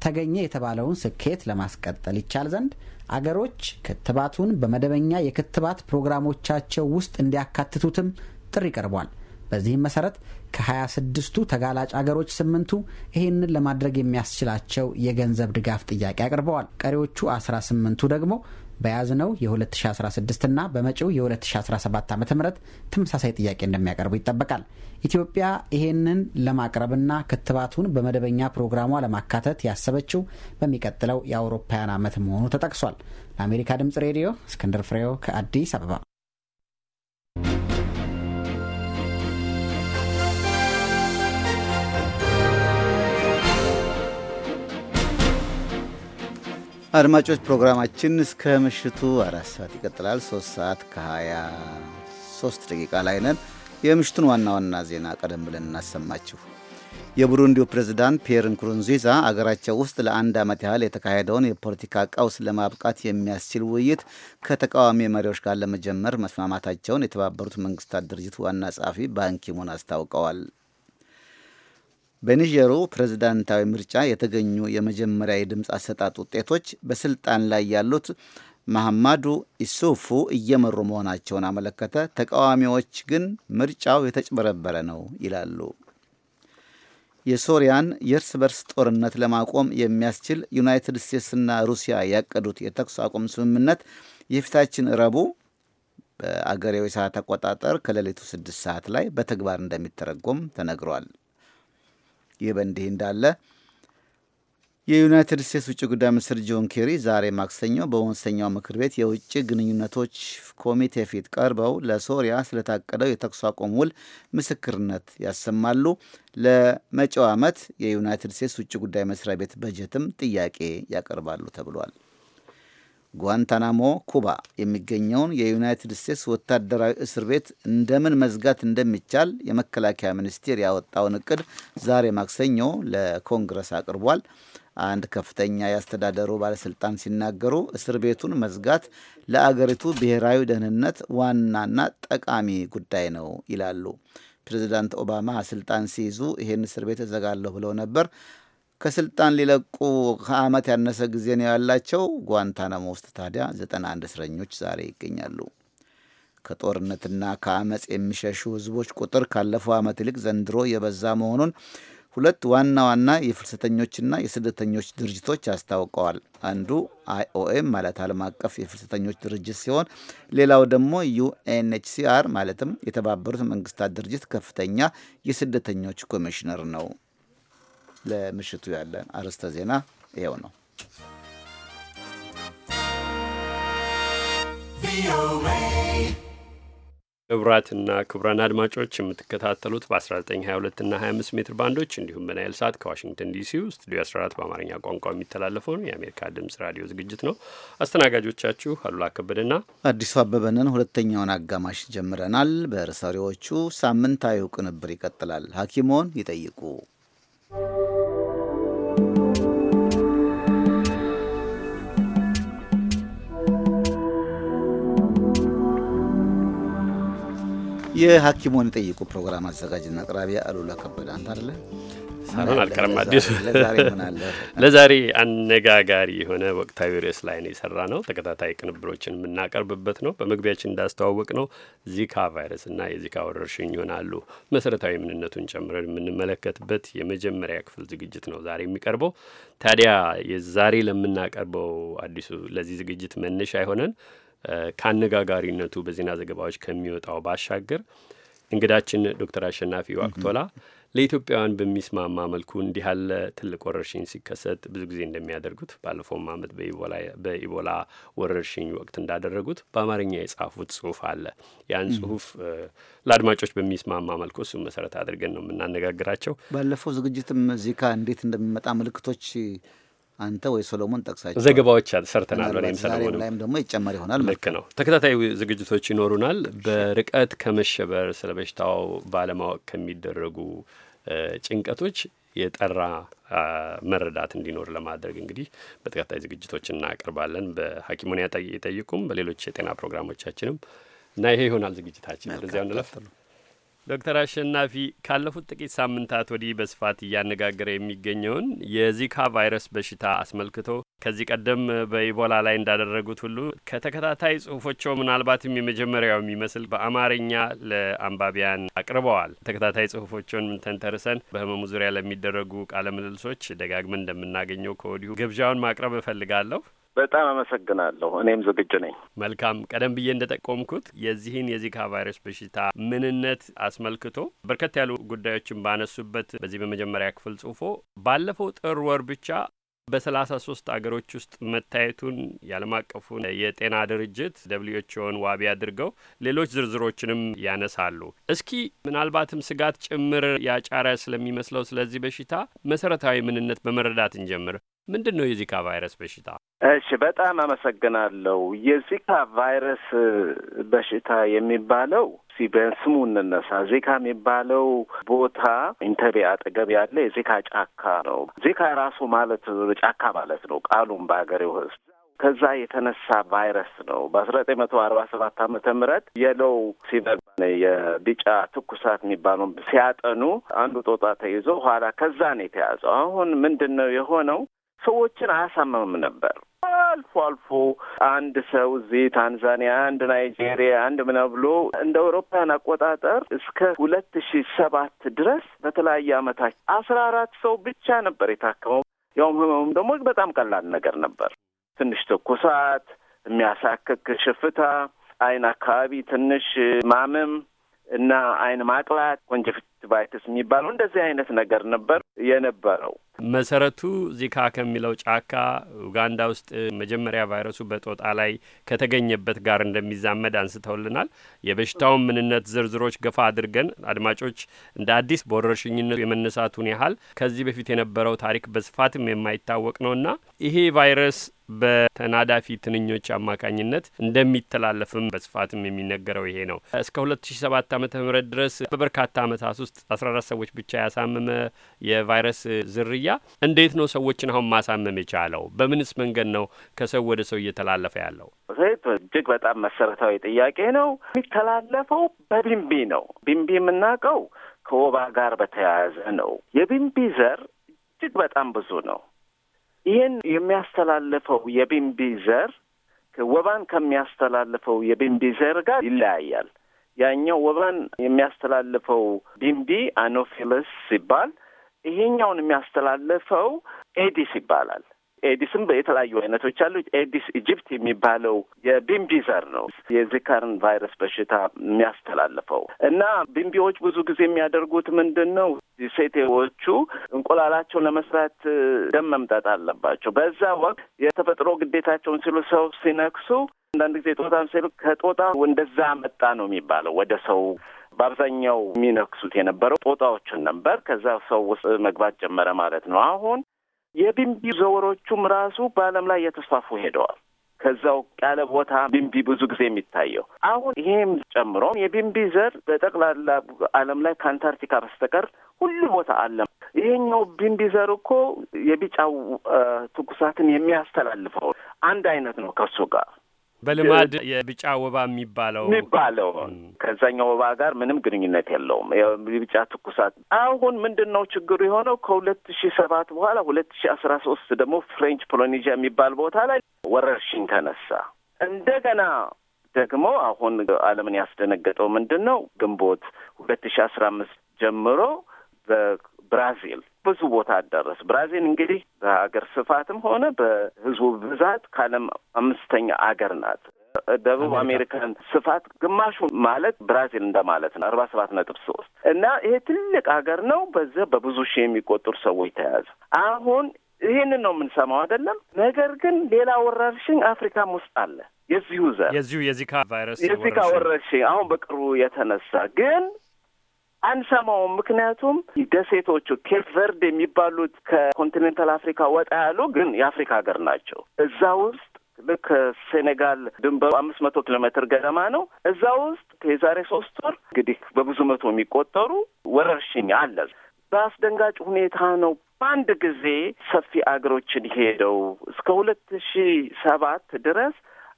ተገኘ የተባለውን ስኬት ለማስቀጠል ይቻል ዘንድ አገሮች ክትባቱን በመደበኛ የክትባት ፕሮግራሞቻቸው ውስጥ እንዲያካትቱትም ጥሪ ቀርቧል። በዚህም መሰረት ከ26ቱ ተጋላጭ አገሮች ስምንቱ ይህንን ለማድረግ የሚያስችላቸው የገንዘብ ድጋፍ ጥያቄ አቅርበዋል። ቀሪዎቹ 18ቱ ደግሞ በያዝነው የ2016 እና በመጪው የ2017 ዓ ም ተመሳሳይ ጥያቄ እንደሚያቀርቡ ይጠበቃል። ኢትዮጵያ ይሄንን ለማቅረብና ክትባቱን በመደበኛ ፕሮግራሟ ለማካተት ያሰበችው በሚቀጥለው የአውሮፓውያን ዓመት መሆኑ ተጠቅሷል። ለአሜሪካ ድምፅ ሬዲዮ እስክንድር ፍሬው ከአዲስ አበባ አድማጮች ፕሮግራማችን እስከ ምሽቱ አራት ሰዓት ይቀጥላል። ሶስት ሰዓት ከሀያ ሶስት ደቂቃ ላይ ነን። የምሽቱን ዋና ዋና ዜና ቀደም ብለን እናሰማችሁ። የቡሩንዲው ፕሬዝዳንት ፒየር ንኩሩንዚዛ አገራቸው ውስጥ ለአንድ ዓመት ያህል የተካሄደውን የፖለቲካ ቀውስ ለማብቃት የሚያስችል ውይይት ከተቃዋሚ መሪዎች ጋር ለመጀመር መስማማታቸውን የተባበሩት መንግስታት ድርጅት ዋና ጸሐፊ ባንኪሙን አስታውቀዋል። በኒጀሩ ፕሬዝዳንታዊ ምርጫ የተገኙ የመጀመሪያ የድምፅ አሰጣጥ ውጤቶች በስልጣን ላይ ያሉት መሐማዱ ኢሱፉ እየመሩ መሆናቸውን አመለከተ። ተቃዋሚዎች ግን ምርጫው የተጭበረበረ ነው ይላሉ። የሶሪያን የእርስ በርስ ጦርነት ለማቆም የሚያስችል ዩናይትድ ስቴትስና ሩሲያ ያቀዱት የተኩስ አቁም ስምምነት የፊታችን ረቡዕ በአገሬው የሰዓት አቆጣጠር ከሌሊቱ ስድስት ሰዓት ላይ በተግባር እንደሚተረጎም ተነግሯል። ይህ በእንዲህ እንዳለ የዩናይትድ ስቴትስ ውጭ ጉዳይ ሚኒስትር ጆን ኬሪ ዛሬ ማክሰኞ በመወሰኛው ምክር ቤት የውጭ ግንኙነቶች ኮሚቴ ፊት ቀርበው ለሶሪያ ስለታቀደው የተኩስ አቁም ውል ምስክርነት ያሰማሉ። ለመጪው ዓመት የዩናይትድ ስቴትስ ውጭ ጉዳይ መስሪያ ቤት በጀትም ጥያቄ ያቀርባሉ ተብሏል። ጓንታናሞ ኩባ የሚገኘውን የዩናይትድ ስቴትስ ወታደራዊ እስር ቤት እንደምን መዝጋት እንደሚቻል የመከላከያ ሚኒስቴር ያወጣውን እቅድ ዛሬ ማክሰኞ ለኮንግረስ አቅርቧል። አንድ ከፍተኛ የአስተዳደሩ ባለስልጣን ሲናገሩ እስር ቤቱን መዝጋት ለአገሪቱ ብሔራዊ ደህንነት ዋናና ጠቃሚ ጉዳይ ነው ይላሉ። ፕሬዚዳንት ኦባማ ስልጣን ሲይዙ ይህን እስር ቤት እዘጋለሁ ብለው ነበር። ከስልጣን ሊለቁ ከዓመት ያነሰ ጊዜ ነው ያላቸው። ጓንታናሞ ውስጥ ታዲያ 91 እስረኞች ዛሬ ይገኛሉ። ከጦርነትና ከአመፅ የሚሸሹ ህዝቦች ቁጥር ካለፈው ዓመት ይልቅ ዘንድሮ የበዛ መሆኑን ሁለት ዋና ዋና የፍልሰተኞችና የስደተኞች ድርጅቶች አስታውቀዋል። አንዱ አይኦኤም ማለት ዓለም አቀፍ የፍልሰተኞች ድርጅት ሲሆን ሌላው ደግሞ ዩኤንኤችሲአር ማለትም የተባበሩት መንግስታት ድርጅት ከፍተኛ የስደተኞች ኮሚሽነር ነው። ለምሽቱ ያለን አርዕስተ ዜና ይኸው ነው። ክቡራትና ክቡራን አድማጮች የምትከታተሉት በ1922 እና 25 ሜትር ባንዶች እንዲሁም በናይል ሰዓት ከዋሽንግተን ዲሲ ስቱዲዮ 14 በአማርኛ ቋንቋ የሚተላለፈውን የአሜሪካ ድምፅ ራዲዮ ዝግጅት ነው። አስተናጋጆቻችሁ አሉላ ከበደና አዲሱ አበበንን ሁለተኛውን አጋማሽ ጀምረናል። በርሰሪዎቹ ሳምንታዊ ቅንብር ይቀጥላል። ሐኪሞን ይጠይቁ የሐኪሞን የጠይቁ ፕሮግራም አዘጋጅና አቅራቢ አሉላ ከበደ አንተ አለ አልቀርም አዲሱ ለዛሬ አነጋጋሪ የሆነ ወቅታዊ ርዕስ ላይ ነው የሰራ ነው። ተከታታይ ቅንብሮችን የምናቀርብበት ነው። በመግቢያችን እንዳስተዋወቅ ነው ዚካ ቫይረስ እና የዚካ ወረርሽኝ ይሆናሉ መሰረታዊ ምንነቱን ጨምረን የምንመለከትበት የመጀመሪያ ክፍል ዝግጅት ነው ዛሬ የሚቀርበው። ታዲያ ዛሬ ለምናቀርበው አዲሱ ለዚህ ዝግጅት መነሻ አይሆነን ከአነጋጋሪነቱ በዜና ዘገባዎች ከሚወጣው ባሻገር እንግዳችን ዶክተር አሸናፊ ዋቅቶላ ለኢትዮጵያውያን በሚስማማ መልኩ እንዲህ ያለ ትልቅ ወረርሽኝ ሲከሰት ብዙ ጊዜ እንደሚያደርጉት ባለፈውም ዓመት በኢቦላ ወረርሽኝ ወቅት እንዳደረጉት በአማርኛ የጻፉት ጽሁፍ አለ። ያን ጽሁፍ ለአድማጮች በሚስማማ መልኩ እሱ መሰረት አድርገን ነው የምናነጋግራቸው። ባለፈው ዝግጅትም ዚካ እንዴት እንደሚመጣ ምልክቶች አንተ ወይ ሶሎሞን ጠቅሳቸው ዘገባዎች ሰርተናል። ወይም ላይም ደግሞ ይጨመር ይሆናል። ልክ ነው። ተከታታይ ዝግጅቶች ይኖሩናል። በርቀት ከመሸበር ስለ በሽታው ባለማወቅ ከሚደረጉ ጭንቀቶች የጠራ መረዳት እንዲኖር ለማድረግ እንግዲህ በተከታይ ዝግጅቶች እናቀርባለን። በሐኪሙን የጠይቁም በሌሎች የጤና ፕሮግራሞቻችንም እና ይሄ ይሆናል ዝግጅታችን። ወደዚያው እንለፍ። ዶክተር አሸናፊ ካለፉት ጥቂት ሳምንታት ወዲህ በስፋት እያነጋገረ የሚገኘውን የዚካ ቫይረስ በሽታ አስመልክቶ ከዚህ ቀደም በኢቦላ ላይ እንዳደረጉት ሁሉ ከተከታታይ ጽሁፎቸው ምናልባትም የመጀመሪያው የሚመስል በአማርኛ ለአንባቢያን አቅርበዋል። ተከታታይ ጽሁፎቸውን ምንተንተርሰን በህመሙ ዙሪያ ለሚደረጉ ቃለ ምልልሶች ደጋግመን እንደምናገኘው ከወዲሁ ግብዣውን ማቅረብ እፈልጋለሁ። በጣም አመሰግናለሁ። እኔም ዝግጁ ነኝ። መልካም። ቀደም ብዬ እንደጠቆምኩት የዚህን የዚካ ቫይረስ በሽታ ምንነት አስመልክቶ በርከት ያሉ ጉዳዮችን ባነሱበት በዚህ በመጀመሪያ ክፍል ጽሁፎ ባለፈው ጥር ወር ብቻ በሰላሳ ሶስት አገሮች ውስጥ መታየቱን የዓለም አቀፉን የጤና ድርጅት ደብሊውኤችኦን ዋቢ አድርገው ሌሎች ዝርዝሮችንም ያነሳሉ። እስኪ ምናልባትም ስጋት ጭምር ያጫረ ስለሚመስለው ስለዚህ በሽታ መሰረታዊ ምንነት በመረዳት እንጀምር። ምንድን ነው የዚካ ቫይረስ በሽታ? እሺ፣ በጣም አመሰግናለሁ። የዚካ ቫይረስ በሽታ የሚባለው በስሙ እንነሳ። ዚካ የሚባለው ቦታ ኢንተቤ አጠገብ ያለ የዚካ ጫካ ነው። ዚካ ራሱ ማለት ጫካ ማለት ነው፣ ቃሉም በሀገሬው ሕዝብ ከዛ የተነሳ ቫይረስ ነው። በአስራ ዘጠኝ መቶ አርባ ሰባት አመተ ምህረት የለው ሲቨር የቢጫ ትኩሳት የሚባለውን ሲያጠኑ አንዱ ጦጣ ተይዞ ኋላ ከዛ ነው የተያዘው። አሁን ምንድን ነው የሆነው? ሰዎችን አያሳምምም ነበር። አልፎ አልፎ አንድ ሰው እዚህ ታንዛኒያ፣ አንድ ናይጄሪያ፣ አንድ ምነ ብሎ እንደ አውሮፓውያን አቆጣጠር እስከ ሁለት ሺ ሰባት ድረስ በተለያየ ዓመታች አስራ አራት ሰው ብቻ ነበር የታከመው። ያውም ህመሙም ደግሞ በጣም ቀላል ነገር ነበር። ትንሽ ትኩሳት፣ የሚያሳክክ ሽፍታ፣ አይን አካባቢ ትንሽ ማመም እና አይን ማቅላት ኮንጀክቲቫይትስ የሚባለው እንደዚህ አይነት ነገር ነበር የነበረው። መሰረቱ ዚካ ከሚለው ጫካ ኡጋንዳ ውስጥ መጀመሪያ ቫይረሱ በጦጣ ላይ ከተገኘበት ጋር እንደሚዛመድ አንስተውልናል። የበሽታውን ምንነት ዝርዝሮች ገፋ አድርገን አድማጮች እንደ አዲስ በወረርሽኝነቱ የመነሳቱን ያህል ከዚህ በፊት የነበረው ታሪክ በስፋትም የማይታወቅ ነውና ይሄ ቫይረስ በተናዳፊ ትንኞች አማካኝነት እንደሚተላለፍም በስፋትም የሚነገረው ይሄ ነው። እስከ 2007 ዓ.ም ድረስ በበርካታ ዓመታት ውስጥ 14 ሰዎች ብቻ ያሳመመ የቫይረስ ዝርያ እንዴት ነው ሰዎችን አሁን ማሳመም የቻለው? በምንስ መንገድ ነው ከሰው ወደ ሰው እየተላለፈ ያለው? እጅግ በጣም መሰረታዊ ጥያቄ ነው። የሚተላለፈው በቢምቢ ነው። ቢምቢ የምናውቀው ከወባ ጋር በተያያዘ ነው። የቢምቢ ዘር እጅግ በጣም ብዙ ነው። ይህን የሚያስተላልፈው የቢምቢ ዘር ወባን ከሚያስተላልፈው የቢምቢ ዘር ጋር ይለያያል። ያኛው ወባን የሚያስተላልፈው ቢምቢ አኖፊለስ ሲባል ይሄኛውን የሚያስተላልፈው ኤዲስ ይባላል። ኤዲስም የተለያዩ አይነቶች አሉ። ኤዲስ ኢጅፕት የሚባለው የቢምቢ ዘር ነው የዚካርን ቫይረስ በሽታ የሚያስተላልፈው እና ቢምቢዎች ብዙ ጊዜ የሚያደርጉት ምንድን ነው? ሴቴዎቹ እንቁላላቸውን ለመስራት ደም መምጠጥ አለባቸው። በዛ ወቅት የተፈጥሮ ግዴታቸውን ሲሉ ሰው ሲነክሱ አንዳንድ ጊዜ ጦጣም ሲሉ ከጦጣ እንደዛ መጣ ነው የሚባለው ወደ ሰው በአብዛኛው የሚነክሱት የነበረው ጦጣዎችን ነበር። ከዛ ሰው ውስጥ መግባት ጀመረ ማለት ነው። አሁን የቢምቢ ዘወሮቹም ራሱ በዓለም ላይ እየተስፋፉ ሄደዋል። ከዛው ያለ ቦታ ቢምቢ ብዙ ጊዜ የሚታየው አሁን ይሄም ጨምሮ የቢምቢ ዘር በጠቅላላ ዓለም ላይ ከአንታርክቲካ በስተቀር ሁሉ ቦታ አለ። ይሄኛው ቢምቢ ዘር እኮ የቢጫው ትኩሳትን የሚያስተላልፈው አንድ አይነት ነው ከሱ ጋር በልማድ የብጫ ወባ የሚባለው የሚባለው ከዛኛው ወባ ጋር ምንም ግንኙነት የለውም። የብጫ ትኩሳት አሁን ምንድን ነው ችግሩ የሆነው ከሁለት ሺ ሰባት በኋላ ሁለት ሺ አስራ ሶስት ደግሞ ፍሬንች ፖሎኔዥያ የሚባል ቦታ ላይ ወረርሽኝ ተነሳ። እንደገና ደግሞ አሁን ዓለምን ያስደነገጠው ምንድን ነው ግንቦት ሁለት ሺ አስራ አምስት ጀምሮ በብራዚል ብዙ ቦታ አደረስ። ብራዚል እንግዲህ በሀገር ስፋትም ሆነ በህዝቡ ብዛት ከዓለም አምስተኛ አገር ናት። ደቡብ አሜሪካን ስፋት ግማሹ ማለት ብራዚል እንደማለት ነው። አርባ ሰባት ነጥብ ሶስት እና ይሄ ትልቅ ሀገር ነው። በዚያ በብዙ ሺህ የሚቆጠሩ ሰዎች ተያዘ። አሁን ይህንን ነው የምንሰማው አይደለም። ነገር ግን ሌላ ወረርሽኝ አፍሪካም ውስጥ አለ። የዚሁ ዘር የዚሁ የዚካ ቫይረስ የዚካ ወረርሽኝ አሁን በቅርቡ የተነሳ ግን አንሰማውም። ምክንያቱም ደሴቶቹ ኬፕ ቨርድ የሚባሉት ከኮንቲኔንታል አፍሪካ ወጣ ያሉ ግን የአፍሪካ ሀገር ናቸው። እዛ ውስጥ ልክ ሴኔጋል ድንበሩ አምስት መቶ ኪሎ ሜትር ገደማ ነው። እዛ ውስጥ የዛሬ ሶስት ወር እንግዲህ በብዙ መቶ የሚቆጠሩ ወረርሽኝ አለ። በአስደንጋጭ ሁኔታ ነው በአንድ ጊዜ ሰፊ አገሮችን ሄደው እስከ ሁለት ሺህ ሰባት ድረስ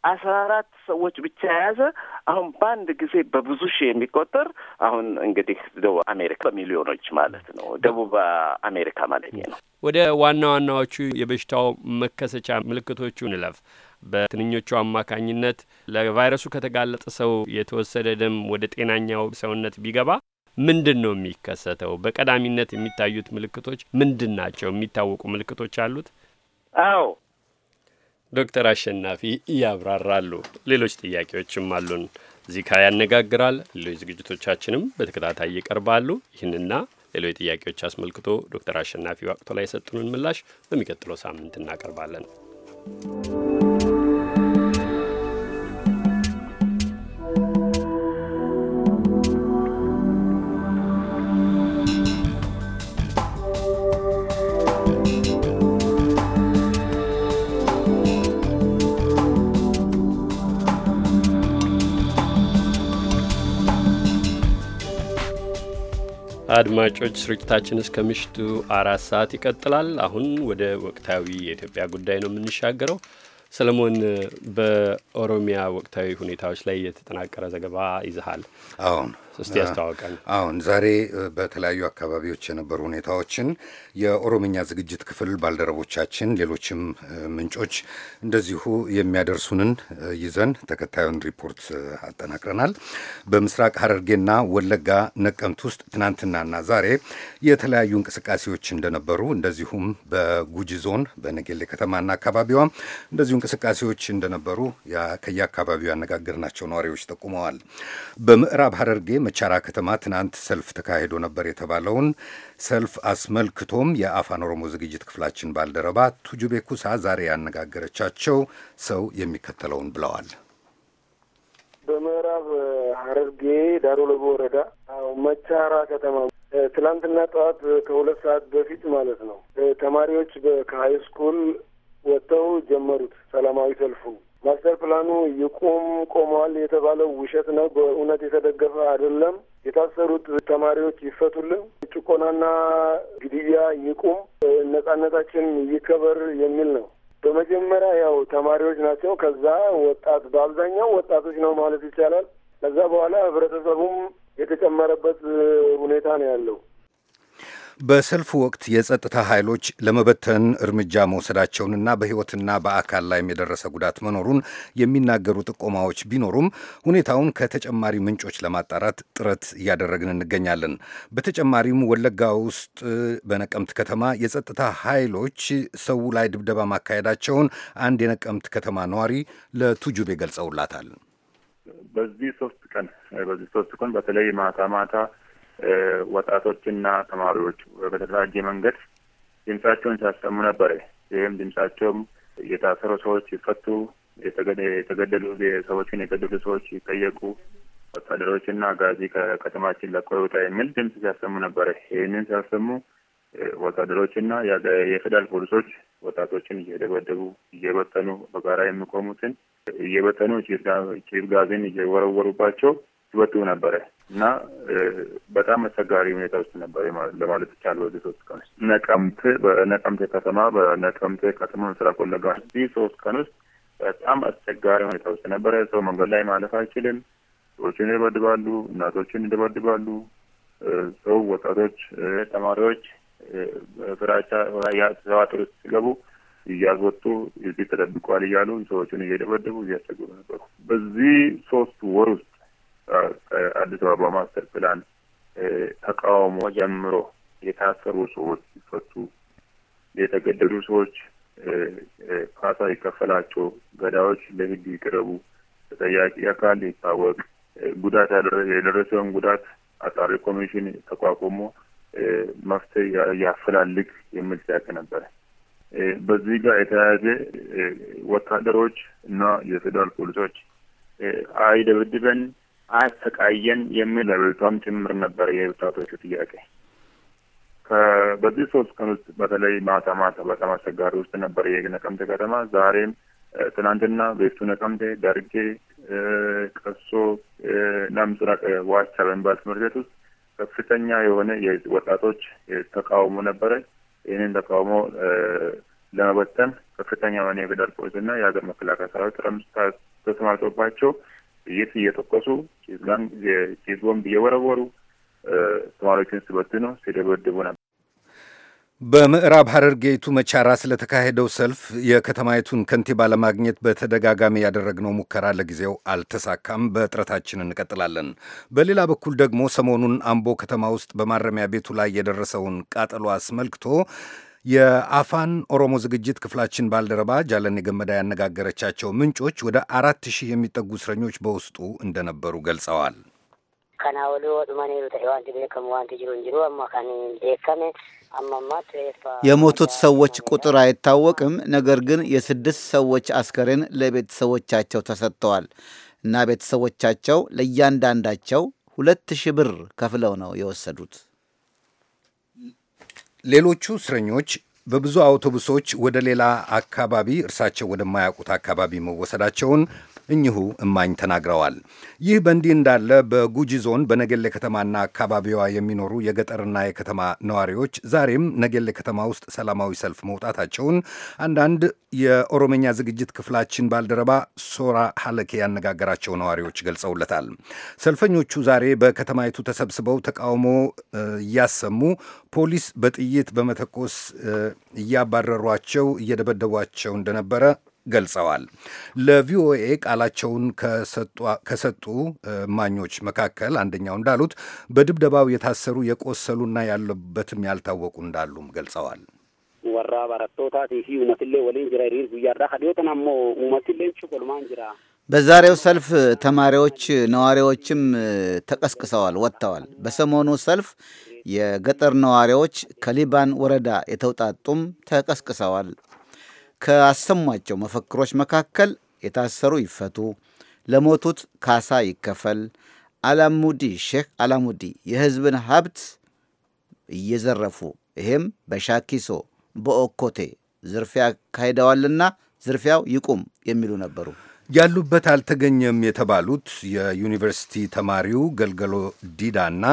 አስራ አራት ሰዎች ብቻ የያዘ አሁን በአንድ ጊዜ በብዙ ሺህ የሚቆጠር አሁን እንግዲህ ደቡብ አሜሪካ በሚሊዮኖች ማለት ነው። ደቡብ አሜሪካ ማለት ነው። ወደ ዋና ዋናዎቹ የበሽታው መከሰቻ ምልክቶቹ እንለፍ። በትንኞቹ አማካኝነት ለቫይረሱ ከተጋለጠ ሰው የተወሰደ ደም ወደ ጤናኛው ሰውነት ቢገባ ምንድን ነው የሚከሰተው? በቀዳሚነት የሚታዩት ምልክቶች ምንድን ናቸው? የሚታወቁ ምልክቶች አሉት? አዎ ዶክተር አሸናፊ ያብራራሉ። ሌሎች ጥያቄዎችም አሉን። ዚካ ያነጋግራል። ሌሎች ዝግጅቶቻችንም በተከታታይ ይቀርባሉ። ይህንና ሌሎች ጥያቄዎች አስመልክቶ ዶክተር አሸናፊ ወቅቱ ላይ የሰጡንን ምላሽ በሚቀጥለው ሳምንት እናቀርባለን። አድማጮች ስርጭታችን እስከ ምሽቱ አራት ሰዓት ይቀጥላል። አሁን ወደ ወቅታዊ የኢትዮጵያ ጉዳይ ነው የምንሻገረው። ሰለሞን፣ በኦሮሚያ ወቅታዊ ሁኔታዎች ላይ የተጠናቀረ ዘገባ ይዘሃል። አሁን እስቲ ያስተዋውቃል። አሁን ዛሬ በተለያዩ አካባቢዎች የነበሩ ሁኔታዎችን የኦሮምኛ ዝግጅት ክፍል ባልደረቦቻችን፣ ሌሎችም ምንጮች እንደዚሁ የሚያደርሱንን ይዘን ተከታዩን ሪፖርት አጠናቅረናል። በምስራቅ ሐረርጌና ወለጋ ነቀምት ውስጥ ትናንትናና ዛሬ የተለያዩ እንቅስቃሴዎች እንደነበሩ እንደዚሁም በጉጂ ዞን በነጌሌ ከተማና አካባቢዋ እንደዚሁ እንቅስቃሴዎች እንደነበሩ ከየአካባቢው ያነጋገርናቸው ነዋሪዎች ጠቁመዋል። በምዕራብ ሐረርጌ መቻራ ከተማ ትናንት ሰልፍ ተካሂዶ ነበር የተባለውን ሰልፍ አስመልክቶም የአፋን ኦሮሞ ዝግጅት ክፍላችን ባልደረባ ቱጁቤ ኩሳ ዛሬ ያነጋገረቻቸው ሰው የሚከተለውን ብለዋል። በምዕራብ ሐረርጌ ዳሮ ለቦ ወረዳ መቻራ ከተማ ትላንትና ጠዋት ከሁለት ሰዓት በፊት ማለት ነው ተማሪዎች ከሀይ ስኩል ወጥተው ጀመሩት ሰላማዊ ሰልፉ ማስተር ፕላኑ ይቁም ቆመዋል የተባለው ውሸት ነው። በእውነት የተደገፈ አይደለም። የታሰሩት ተማሪዎች ይፈቱልን፣ ጭቆናና ግድያ ይቁም፣ ነጻነታችን ይከበር የሚል ነው። በመጀመሪያ ያው ተማሪዎች ናቸው። ከዛ ወጣት፣ በአብዛኛው ወጣቶች ነው ማለት ይቻላል። ከዛ በኋላ ህብረተሰቡም የተጨመረበት ሁኔታ ነው ያለው። በሰልፉ ወቅት የጸጥታ ኃይሎች ለመበተን እርምጃ መውሰዳቸውንና በሕይወትና በአካል ላይም የደረሰ ጉዳት መኖሩን የሚናገሩ ጥቆማዎች ቢኖሩም ሁኔታውን ከተጨማሪ ምንጮች ለማጣራት ጥረት እያደረግን እንገኛለን። በተጨማሪም ወለጋ ውስጥ በነቀምት ከተማ የጸጥታ ኃይሎች ሰው ላይ ድብደባ ማካሄዳቸውን አንድ የነቀምት ከተማ ነዋሪ ለቱጁቤ ገልጸውላታል። በዚህ ሶስት ቀን በዚህ ሶስት ቀን በተለይ ማታ ማታ ወጣቶችና ተማሪዎች በተደራጀ መንገድ ድምጻቸውን ሲያሰሙ ነበረ። ይህም ድምጻቸውም የታሰሩ ሰዎች ሲፈቱ፣ የተገደሉ ሰዎችን የገደሉ ሰዎች ሲጠየቁ፣ ወታደሮችና ጋዚ ከከተማችን ለቆ ይውጣ የሚል ድምጽ ሲያሰሙ ነበረ። ይህንን ሲያሰሙ ወታደሮችና የፌዴራል ፖሊሶች ወጣቶችን እየደበደቡ እየበተኑ በጋራ የሚቆሙትን እየበተኑ ጭፍ ጋዝን እየወረወሩባቸው ይበትቡ ነበረ። እና በጣም አስቸጋሪ ሁኔታ ውስጥ ነበር ለማለት ይቻላል። ወደ ሶስት ቀን ውስጥ ነቀምቴ በነቀምቴ ከተማ በነቀምቴ ከተማ ምስራቅ ወለጋ ውስጥ ሶስት ቀን ውስጥ በጣም አስቸጋሪ ሁኔታ ውስጥ ነበረ። ሰው መንገድ ላይ ማለፍ አይችልም። ሰዎችን ይደበድባሉ፣ እናቶችን ይደበድባሉ። ሰው ወጣቶች፣ ተማሪዎች ፍራቻ ተዋጥር ውስጥ ሲገቡ እያስወጡ እዚህ ተደብቋል እያሉ ሰዎችን እየደበደቡ እያስቸገሩ ነበሩ። በዚህ ሶስት ወር ውስጥ አዲስ አበባ ማስተር ፕላን ተቃውሞ ጀምሮ የታሰሩ ሰዎች ሲፈቱ፣ የተገደሉ ሰዎች ካሳ ይከፈላቸው፣ ገዳዮች ለህግ ይቅረቡ፣ ተጠያቂ አካል ይታወቅ፣ ጉዳት የደረሰውን ጉዳት አጣሪ ኮሚሽን ተቋቁሞ መፍትሄ ያፈላልግ የሚል ጥያቄ ነበረ። በዚህ ጋር የተያያዘ ወታደሮች እና የፌዴራል ፖሊሶች አይደብድበን አያሰቃየን የሚል ለቤቷም ጭምር ነበር የወጣቶቹ ጥያቄ። በዚህ ሶስት ቀን ውስጥ በተለይ ማታ ማታ በጣም አስቸጋሪ ውስጥ ነበር የነቀምቴ ከተማ። ዛሬም ትናንትና ቤቱ ነቀምቴ፣ ደርጌ፣ ቀሶ እና ምስራቅ ዋቻ በሚባል ትምህርት ቤት ውስጥ ከፍተኛ የሆነ ወጣቶች ተቃውሞ ነበረ። ይህንን ተቃውሞ ለመበተን ከፍተኛ የሆነ የፌደራል ፖሊስ እና የሀገር መከላከያ ሰራዊት ተሰማርቶባቸው ጥይት እየተኮሱ ጭስ ቦምብ እየወረወሩ ተማሪዎችን ሲበትኑ ሲደበድቡ ነበር። በምዕራብ ሐረርጌ ቱመቻራ ስለተካሄደው ሰልፍ የከተማይቱን ከንቲባ ለማግኘት በተደጋጋሚ ያደረግነው ሙከራ ለጊዜው አልተሳካም። በጥረታችን እንቀጥላለን። በሌላ በኩል ደግሞ ሰሞኑን አምቦ ከተማ ውስጥ በማረሚያ ቤቱ ላይ የደረሰውን ቃጠሎ አስመልክቶ የአፋን ኦሮሞ ዝግጅት ክፍላችን ባልደረባ ጃለኔ ገመዳ ያነጋገረቻቸው ምንጮች ወደ አራት ሺህ የሚጠጉ እስረኞች በውስጡ እንደነበሩ ገልጸዋል። የሞቱት ሰዎች ቁጥር አይታወቅም። ነገር ግን የስድስት ሰዎች አስከሬን ለቤተሰቦቻቸው ተሰጥተዋል እና ቤተሰቦቻቸው ለእያንዳንዳቸው ሁለት ሺህ ብር ከፍለው ነው የወሰዱት። ሌሎቹ እስረኞች በብዙ አውቶቡሶች ወደ ሌላ አካባቢ እርሳቸው ወደማያውቁት አካባቢ መወሰዳቸውን እኚሁ እማኝ ተናግረዋል። ይህ በእንዲህ እንዳለ በጉጂ ዞን በነገሌ ከተማና አካባቢዋ የሚኖሩ የገጠርና የከተማ ነዋሪዎች ዛሬም ነገሌ ከተማ ውስጥ ሰላማዊ ሰልፍ መውጣታቸውን አንዳንድ የኦሮምኛ ዝግጅት ክፍላችን ባልደረባ ሶራ ሀለኬ ያነጋገራቸው ነዋሪዎች ገልጸውለታል። ሰልፈኞቹ ዛሬ በከተማይቱ ተሰብስበው ተቃውሞ እያሰሙ ፖሊስ በጥይት በመተኮስ እያባረሯቸው እየደበደቧቸው እንደነበረ ገልጸዋል። ለቪኦኤ ቃላቸውን ከሰጡ እማኞች መካከል አንደኛው እንዳሉት በድብደባው የታሰሩ የቆሰሉና ያለበትም ያልታወቁ እንዳሉም ገልጸዋል። ወራ ጅራ ሪር ጅራ በዛሬው ሰልፍ ተማሪዎች ነዋሪዎችም ተቀስቅሰዋል፣ ወጥተዋል። በሰሞኑ ሰልፍ የገጠር ነዋሪዎች ከሊባን ወረዳ የተውጣጡም ተቀስቅሰዋል። ከአሰሟቸው መፈክሮች መካከል የታሰሩ ይፈቱ፣ ለሞቱት ካሳ ይከፈል፣ አላሙዲ ሼክ አላሙዲ የህዝብን ሀብት እየዘረፉ ይሄም በሻኪሶ በኦኮቴ ዝርፊያ ካሂደዋልና ዝርፊያው ይቁም የሚሉ ነበሩ። ያሉበት አልተገኘም የተባሉት የዩኒቨርሲቲ ተማሪው ገልገሎ ዲዳና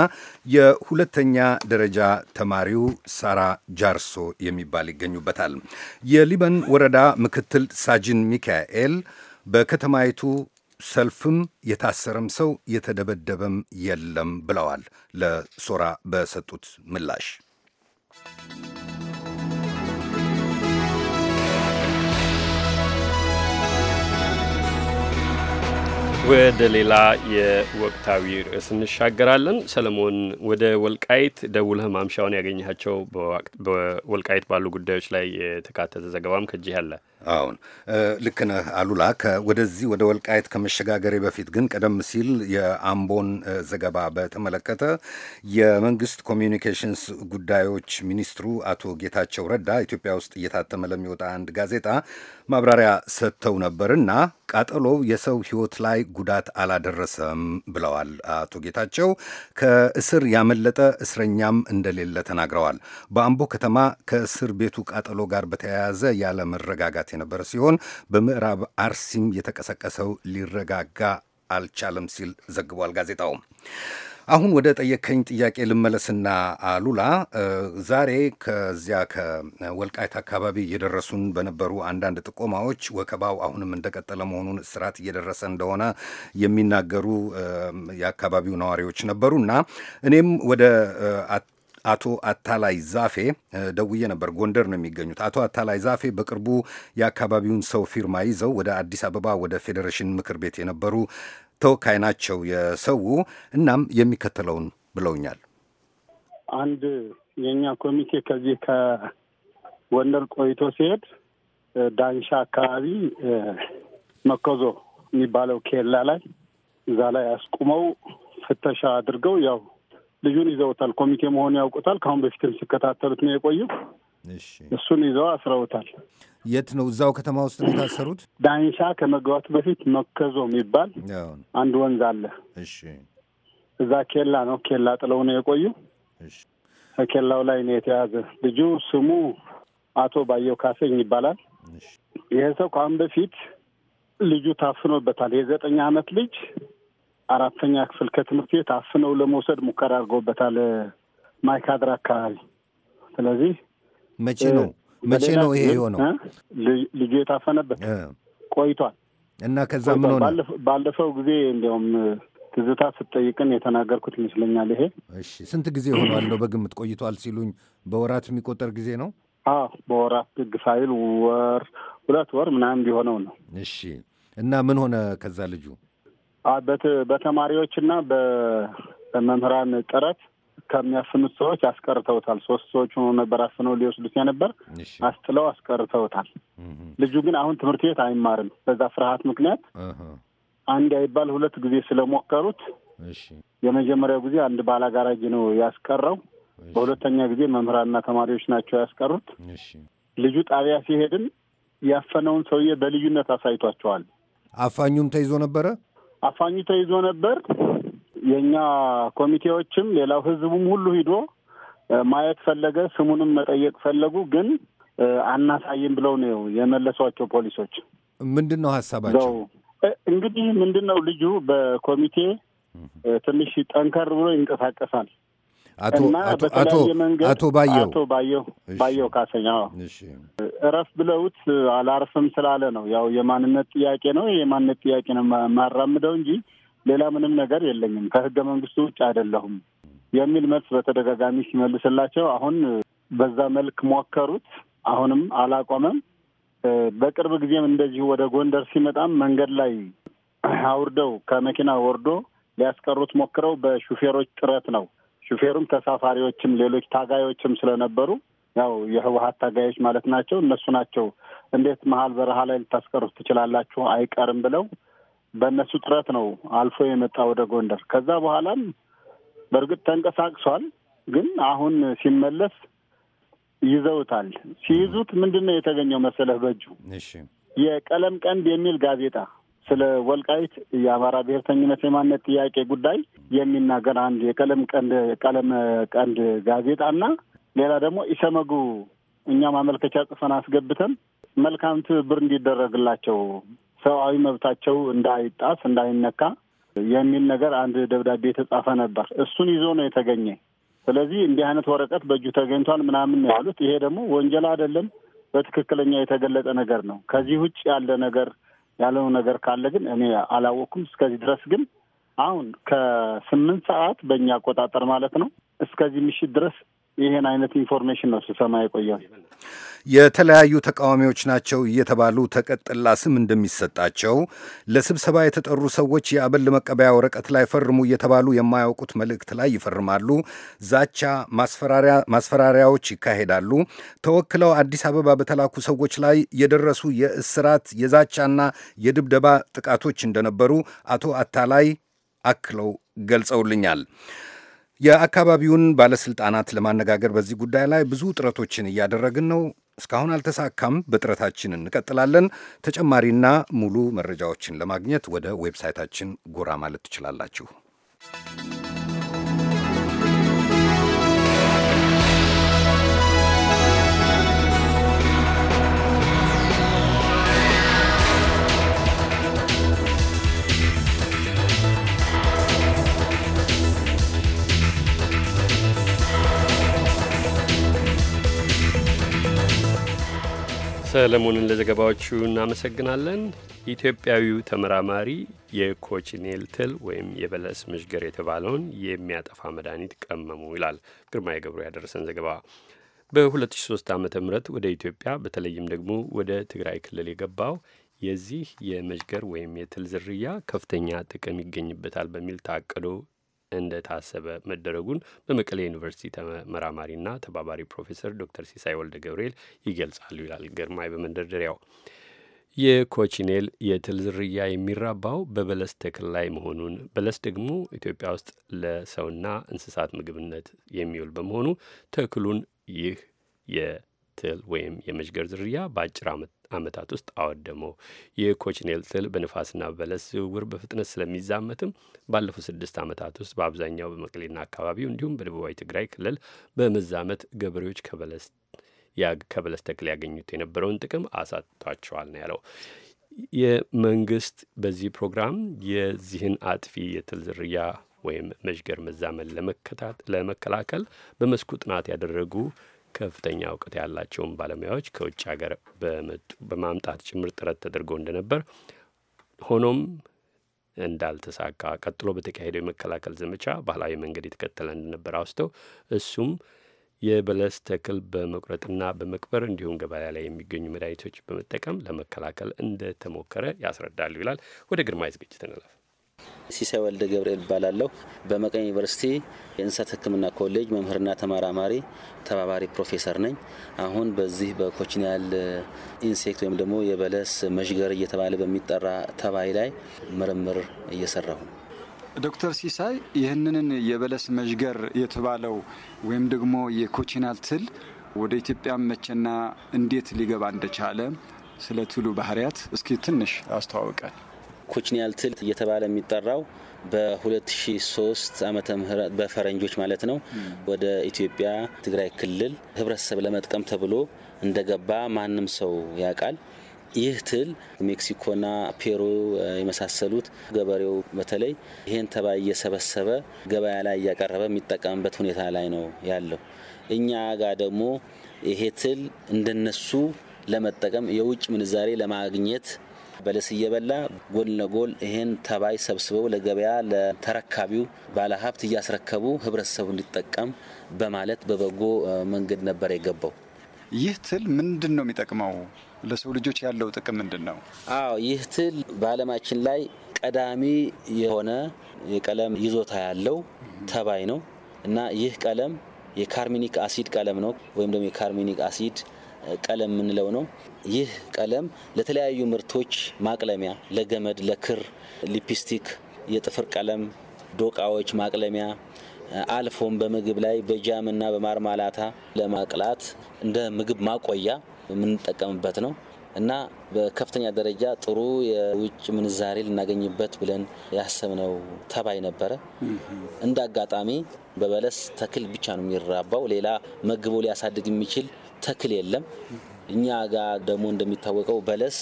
የሁለተኛ ደረጃ ተማሪው ሳራ ጃርሶ የሚባል ይገኙበታል። የሊበን ወረዳ ምክትል ሳጅን ሚካኤል በከተማይቱ ሰልፍም የታሰረም ሰው የተደበደበም የለም ብለዋል። ለሶራ በሰጡት ምላሽ ወደ ሌላ የወቅታዊ ርዕስ እንሻገራለን። ሰለሞን፣ ወደ ወልቃይት ደውለህ ማምሻውን ያገኘሃቸው በወልቃይት ባሉ ጉዳዮች ላይ የተካተተ ዘገባም ከጅህ ያለ አሁን ልክ ነህ አሉላ። ወደዚህ ወደ ወልቃየት ከመሸጋገሬ በፊት ግን ቀደም ሲል የአምቦን ዘገባ በተመለከተ የመንግስት ኮሚዩኒኬሽንስ ጉዳዮች ሚኒስትሩ አቶ ጌታቸው ረዳ ኢትዮጵያ ውስጥ እየታተመ ለሚወጣ አንድ ጋዜጣ ማብራሪያ ሰጥተው ነበርና ቃጠሎው የሰው ሕይወት ላይ ጉዳት አላደረሰም ብለዋል። አቶ ጌታቸው ከእስር ያመለጠ እስረኛም እንደሌለ ተናግረዋል። በአምቦ ከተማ ከእስር ቤቱ ቃጠሎ ጋር በተያያዘ ያለ መረጋጋት ሰዓት የነበረ ሲሆን በምዕራብ አርሲም የተቀሰቀሰው ሊረጋጋ አልቻለም ሲል ዘግቧል ጋዜጣው። አሁን ወደ ጠየከኝ ጥያቄ ልመለስና አሉላ ዛሬ ከዚያ ከወልቃይት አካባቢ እየደረሱን በነበሩ አንዳንድ ጥቆማዎች ወከባው አሁንም እንደቀጠለ መሆኑን፣ እስራት እየደረሰ እንደሆነ የሚናገሩ የአካባቢው ነዋሪዎች ነበሩና እኔም ወደ አቶ አታላይ ዛፌ ደውዬ ነበር። ጎንደር ነው የሚገኙት። አቶ አታላይ ዛፌ በቅርቡ የአካባቢውን ሰው ፊርማ ይዘው ወደ አዲስ አበባ ወደ ፌዴሬሽን ምክር ቤት የነበሩ ተወካይ ናቸው የሰው እናም የሚከተለውን ብለውኛል። አንድ የእኛ ኮሚቴ ከዚህ ከጎንደር ቆይቶ ሲሄድ ዳንሻ አካባቢ መከዞ የሚባለው ኬላ ላይ እዛ ላይ አስቁመው ፍተሻ አድርገው ያው ልጁን ይዘውታል። ኮሚቴ መሆኑ ያውቁታል። ከአሁን በፊትም ሲከታተሉት ነው የቆዩ። እሱን ይዘው አስረውታል። የት ነው? እዛው ከተማ ውስጥ ነው የታሰሩት። ዳንሻ ከመግባቱ በፊት መከዞ የሚባል አንድ ወንዝ አለ። እዛ ኬላ ነው። ኬላ ጥለው ነው የቆዩ። ከኬላው ላይ ነው የተያዘ። ልጁ ስሙ አቶ ባየው ካሰኝ ይባላል። ይሄ ሰው ከአሁን በፊት ልጁ ታፍኖበታል። የዘጠኝ አመት ልጅ አራተኛ ክፍል ከትምህርት ቤት አፍነው ለመውሰድ ሙከራ አድርገውበታል ማይካድራ አካባቢ። ስለዚህ መቼ ነው መቼ ነው ይሄ የሆነው? ልጁ የታፈነበት ቆይቷል እና ከዛ ምን ሆነ? ባለፈው ጊዜ እንዲያውም ትዝታ ስትጠይቅን የተናገርኩት ይመስለኛል። ይሄ እሺ፣ ስንት ጊዜ ሆኗል ነው በግምት ቆይቷል ሲሉኝ፣ በወራት የሚቆጠር ጊዜ ነው? አዎ በወራት ህግ ሳይል ወር ሁለት ወር ምናምን ቢሆነው ነው። እሺ፣ እና ምን ሆነ ከዛ ልጁ በተማሪዎችና በመምህራን ጥረት ከሚያፍኑት ሰዎች አስቀርተውታል። ሶስት ሰዎች ሆኖ ነበር አፍነው ሊወስዱት የነበር አስጥለው አስቀርተውታል። ልጁ ግን አሁን ትምህርት ቤት አይማርም። በዛ ፍርሃት ምክንያት አንድ አይባል ሁለት ጊዜ ስለሞከሩት የመጀመሪያው ጊዜ አንድ ባላጋራጅ ነው ያስቀረው። በሁለተኛ ጊዜ መምህራንና ተማሪዎች ናቸው ያስቀሩት። ልጁ ጣቢያ ሲሄድም ያፈነውን ሰውዬ በልዩነት አሳይቷቸዋል። አፋኙም ተይዞ ነበረ። አፋኙ ተይዞ ነበር። የእኛ ኮሚቴዎችም ሌላው ህዝቡም ሁሉ ሂዶ ማየት ፈለገ። ስሙንም መጠየቅ ፈለጉ። ግን አናሳይም ብለው ነው የመለሷቸው ፖሊሶች። ምንድን ነው ሀሳባቸው? እንግዲህ ምንድን ነው ልጁ በኮሚቴ ትንሽ ጠንከር ብሎ ይንቀሳቀሳል። አቶ አቶ አቶ አቶ ባየው አቶ ባየው ባየው እሺ እረፍ ብለውት አላርፍም ስላለ ነው። ያው የማንነት ጥያቄ ነው የማንነት ጥያቄ ነው ማራምደው እንጂ ሌላ ምንም ነገር የለኝም ከህገ መንግስቱ ውጭ አይደለሁም የሚል መልስ በተደጋጋሚ ሲመልስላቸው አሁን በዛ መልክ ሞከሩት። አሁንም አላቆመም። በቅርብ ጊዜም እንደዚሁ ወደ ጎንደር ሲመጣም መንገድ ላይ አውርደው ከመኪና ወርዶ ሊያስቀሩት ሞክረው በሹፌሮች ጥረት ነው ሹፌሩም ተሳፋሪዎችም ሌሎች ታጋዮችም ስለነበሩ ያው የህወሀት ታጋዮች ማለት ናቸው። እነሱ ናቸው እንዴት መሀል በረሃ ላይ ልታስቀሩት ትችላላችሁ? አይቀርም ብለው በእነሱ ጥረት ነው አልፎ የመጣ ወደ ጎንደር። ከዛ በኋላም በእርግጥ ተንቀሳቅሷል። ግን አሁን ሲመለስ ይዘውታል። ሲይዙት ምንድን ነው የተገኘው መሰለህ? በእጁ የቀለም ቀንድ የሚል ጋዜጣ ስለ ወልቃይት የአማራ ብሔርተኝነት የማንነት ጥያቄ ጉዳይ የሚናገር አንድ የቀለም ቀንድ ቀለም ቀንድ ጋዜጣ እና ሌላ ደግሞ ኢሰመጉ እኛ ማመልከቻ ጽፈን አስገብተን መልካም ትብብር እንዲደረግላቸው ሰብአዊ መብታቸው እንዳይጣስ እንዳይነካ የሚል ነገር አንድ ደብዳቤ የተጻፈ ነበር። እሱን ይዞ ነው የተገኘ። ስለዚህ እንዲህ አይነት ወረቀት በእጁ ተገኝቷል ምናምን ያሉት፣ ይሄ ደግሞ ወንጀል አይደለም፣ በትክክለኛ የተገለጠ ነገር ነው። ከዚህ ውጭ ያለ ነገር ያለው ነገር ካለ ግን እኔ አላወቅኩም። እስከዚህ ድረስ ግን አሁን ከስምንት ሰዓት በእኛ አቆጣጠር ማለት ነው እስከዚህ ምሽት ድረስ ይሄን አይነት ኢንፎርሜሽን ነው ስሰማ የቆየው። የተለያዩ ተቃዋሚዎች ናቸው እየተባሉ ተቀጥላ ስም እንደሚሰጣቸው ለስብሰባ የተጠሩ ሰዎች የአበል መቀበያ ወረቀት ላይ ፈርሙ እየተባሉ የማያውቁት መልእክት ላይ ይፈርማሉ። ዛቻ፣ ማስፈራሪያዎች ይካሄዳሉ። ተወክለው አዲስ አበባ በተላኩ ሰዎች ላይ የደረሱ የእስራት የዛቻና የድብደባ ጥቃቶች እንደነበሩ አቶ አታላይ አክለው ገልጸውልኛል። የአካባቢውን ባለስልጣናት ለማነጋገር በዚህ ጉዳይ ላይ ብዙ ጥረቶችን እያደረግን ነው። እስካሁን አልተሳካም። በጥረታችን እንቀጥላለን። ተጨማሪና ሙሉ መረጃዎችን ለማግኘት ወደ ዌብሳይታችን ጎራ ማለት ትችላላችሁ። ሰለሞንን ለዘገባዎቹ እናመሰግናለን። ኢትዮጵያዊው ተመራማሪ የኮችኔል ትል ወይም የበለስ መዥገር የተባለውን የሚያጠፋ መድኃኒት ቀመሙ ይላል ግርማ የገብሩ ያደረሰን ዘገባ። በ2003 ዓ ም ወደ ኢትዮጵያ በተለይም ደግሞ ወደ ትግራይ ክልል የገባው የዚህ የመዥገር ወይም የትል ዝርያ ከፍተኛ ጥቅም ይገኝበታል በሚል ታቅዶ እንደታሰበ መደረጉን በመቀሌ ዩኒቨርሲቲ ተመራማሪና ተባባሪ ፕሮፌሰር ዶክተር ሲሳይ ወልደ ገብርኤል ይገልጻሉ ይላል ግርማይ በመንደርደሪያው። የኮቺኔል የትል ዝርያ የሚራባው በበለስ ተክል ላይ መሆኑን በለስ ደግሞ ኢትዮጵያ ውስጥ ለሰውና እንስሳት ምግብነት የሚውል በመሆኑ ተክሉን ይህ የትል ወይም የመዥገር ዝርያ በአጭር ዓመት ዓመታት ውስጥ አወደመው። ኮችኔል ትል በንፋስና በለስ ዝውውር በፍጥነት ስለሚዛመትም ባለፉት ስድስት ዓመታት ውስጥ በአብዛኛው በመቀሌና አካባቢው እንዲሁም በደቡባዊ ትግራይ ክልል በመዛመት ገበሬዎች ከበለስ ከበለስ ተክል ያገኙት የነበረውን ጥቅም አሳጥቷቸዋል ነው ያለው። የመንግስት በዚህ ፕሮግራም የዚህን አጥፊ የትል ዝርያ ወይም መዥገር መዛመን ለመከላከል በመስኩ ጥናት ያደረጉ ከፍተኛ እውቀት ያላቸውን ባለሙያዎች ከውጭ ሀገር በማምጣት ጭምር ጥረት ተደርጎ እንደነበር ሆኖም እንዳልተሳካ ቀጥሎ በተካሄደው የመከላከል ዘመቻ ባህላዊ መንገድ የተከተለ እንደነበር አውስተው እሱም የበለስ ተክል በመቁረጥና በመቅበር እንዲሁም ገበያ ላይ የሚገኙ መድኃኒቶች በመጠቀም ለመከላከል እንደተሞከረ ያስረዳሉ ይላል። ወደ ግርማይ ዝግጅት እንለፍ። ሲሳይ ወልደ ገብርኤል እባላለሁ። በመቀኝ ዩኒቨርሲቲ የእንስሳት ሕክምና ኮሌጅ መምህርና ተመራማሪ ተባባሪ ፕሮፌሰር ነኝ። አሁን በዚህ በኮችኒያል ኢንሴክት ወይም ደግሞ የበለስ መዥገር እየተባለ በሚጠራ ተባይ ላይ ምርምር እየሰራሁ ነው። ዶክተር ሲሳይ ይህንን የበለስ መዥገር የተባለው ወይም ደግሞ የኮችኒያል ትል ወደ ኢትዮጵያ መቼና እንዴት ሊገባ እንደቻለ ስለ ትሉ ባህሪያት እስኪ ትንሽ አስተዋውቃል። ኮችኒያል ትልት እየተባለ የሚጠራው በ2003 ዓመተ ምህረት በፈረንጆች ማለት ነው ወደ ኢትዮጵያ ትግራይ ክልል ህብረተሰብ ለመጥቀም ተብሎ እንደገባ ማንም ሰው ያውቃል። ይህ ትል ሜክሲኮና ፔሩ የመሳሰሉት ገበሬው በተለይ ይህን ተባይ እየሰበሰበ ገበያ ላይ እያቀረበ የሚጠቀምበት ሁኔታ ላይ ነው ያለው። እኛ ጋር ደግሞ ይሄ ትል እንደነሱ ለመጠቀም የውጭ ምንዛሬ ለማግኘት በለስ እየበላ ጎን ለጎን ይሄን ተባይ ሰብስበው ለገበያ ለተረካቢው ባለሀብት እያስረከቡ ህብረተሰቡ እንዲጠቀም በማለት በበጎ መንገድ ነበር የገባው። ይህ ትል ምንድን ነው የሚጠቅመው? ለሰው ልጆች ያለው ጥቅም ምንድን ነው? አዎ ይህ ትል በዓለማችን ላይ ቀዳሚ የሆነ የቀለም ይዞታ ያለው ተባይ ነው እና ይህ ቀለም የካርሚኒክ አሲድ ቀለም ነው ወይም ደግሞ የካርሚኒክ አሲድ ቀለም የምንለው ነው። ይህ ቀለም ለተለያዩ ምርቶች ማቅለሚያ፣ ለገመድ፣ ለክር፣ ሊፕስቲክ፣ የጥፍር ቀለም፣ ዶቃዎች ማቅለሚያ አልፎም በምግብ ላይ በጃም እና በማርማላታ ለማቅላት እንደ ምግብ ማቆያ የምንጠቀምበት ነው እና በከፍተኛ ደረጃ ጥሩ የውጭ ምንዛሬ ልናገኝበት ብለን ያሰብነው ተባይ ነበረ። እንደ አጋጣሚ በበለስ ተክል ብቻ ነው የሚራባው። ሌላ መግቦ ሊያሳድግ የሚችል ተክል የለም። እኛ ጋር ደግሞ እንደሚታወቀው በለስ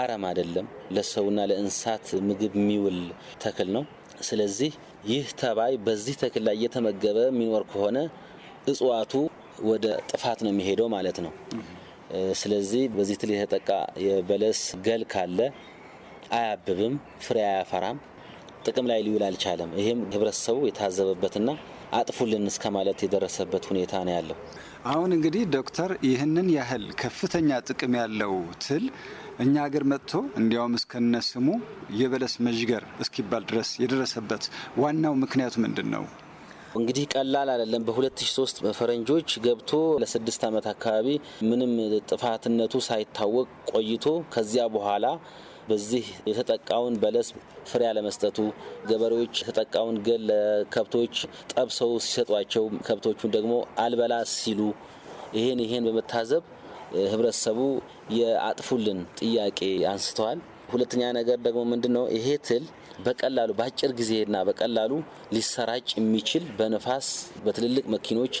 አረም አይደለም፣ ለሰውና ለእንስሳት ምግብ የሚውል ተክል ነው። ስለዚህ ይህ ተባይ በዚህ ተክል ላይ እየተመገበ የሚኖር ከሆነ እጽዋቱ ወደ ጥፋት ነው የሚሄደው ማለት ነው። ስለዚህ በዚህ ትል የተጠቃ የበለስ ገል ካለ አያብብም፣ ፍሬ አያፈራም፣ ጥቅም ላይ ሊውል አልቻለም። ይህም ህብረተሰቡ የታዘበበትና አጥፉልን እስከ ማለት የደረሰበት ሁኔታ ነው ያለው። አሁን እንግዲህ ዶክተር ይህንን ያህል ከፍተኛ ጥቅም ያለው ትል እኛ ሀገር መጥቶ እንዲያውም ስሙ የበለስ መዥገር እስኪባል ድረስ የደረሰበት ዋናው ምክንያቱ ምንድን ነው? እንግዲህ ቀላል አይደለም። በ2003 በፈረንጆች ገብቶ ለስድስት ዓመት አካባቢ ምንም ጥፋትነቱ ሳይታወቅ ቆይቶ ከዚያ በኋላ በዚህ የተጠቃውን በለስ ፍሬ አለመስጠቱ፣ ገበሬዎች የተጠቃውን ገል ለከብቶች ጠብሰው ሲሰጧቸው ከብቶቹን ደግሞ አልበላ ሲሉ ይሄን ይሄን በመታዘብ ህብረተሰቡ የአጥፉልን ጥያቄ አንስተዋል። ሁለተኛ ነገር ደግሞ ምንድን ነው ይሄ ትል በቀላሉ በአጭር ጊዜና በቀላሉ ሊሰራጭ የሚችል በነፋስ በትልልቅ መኪኖች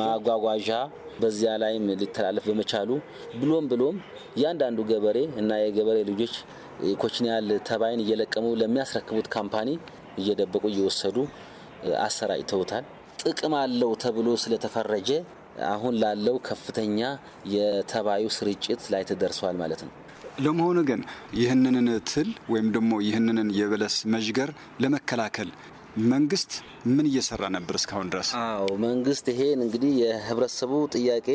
ማጓጓዣ በዚያ ላይም ሊተላለፍ በመቻሉ ብሎም ብሎም እያንዳንዱ ገበሬ እና የገበሬ ልጆች የኮችኒያል ተባይን እየለቀሙ ለሚያስረክቡት ካምፓኒ እየደበቁ እየወሰዱ አሰራጭተውታል። ጥቅም አለው ተብሎ ስለተፈረጀ አሁን ላለው ከፍተኛ የተባዩ ስርጭት ላይ ተደርሷል ማለት ነው። ለመሆኑ ግን ይህንን ትል ወይም ደግሞ ይህንን የበለስ መዥገር ለመከላከል መንግስት ምን እየሰራ ነበር እስካሁን ድረስ? አዎ መንግስት ይሄን እንግዲህ የህብረተሰቡ ጥያቄ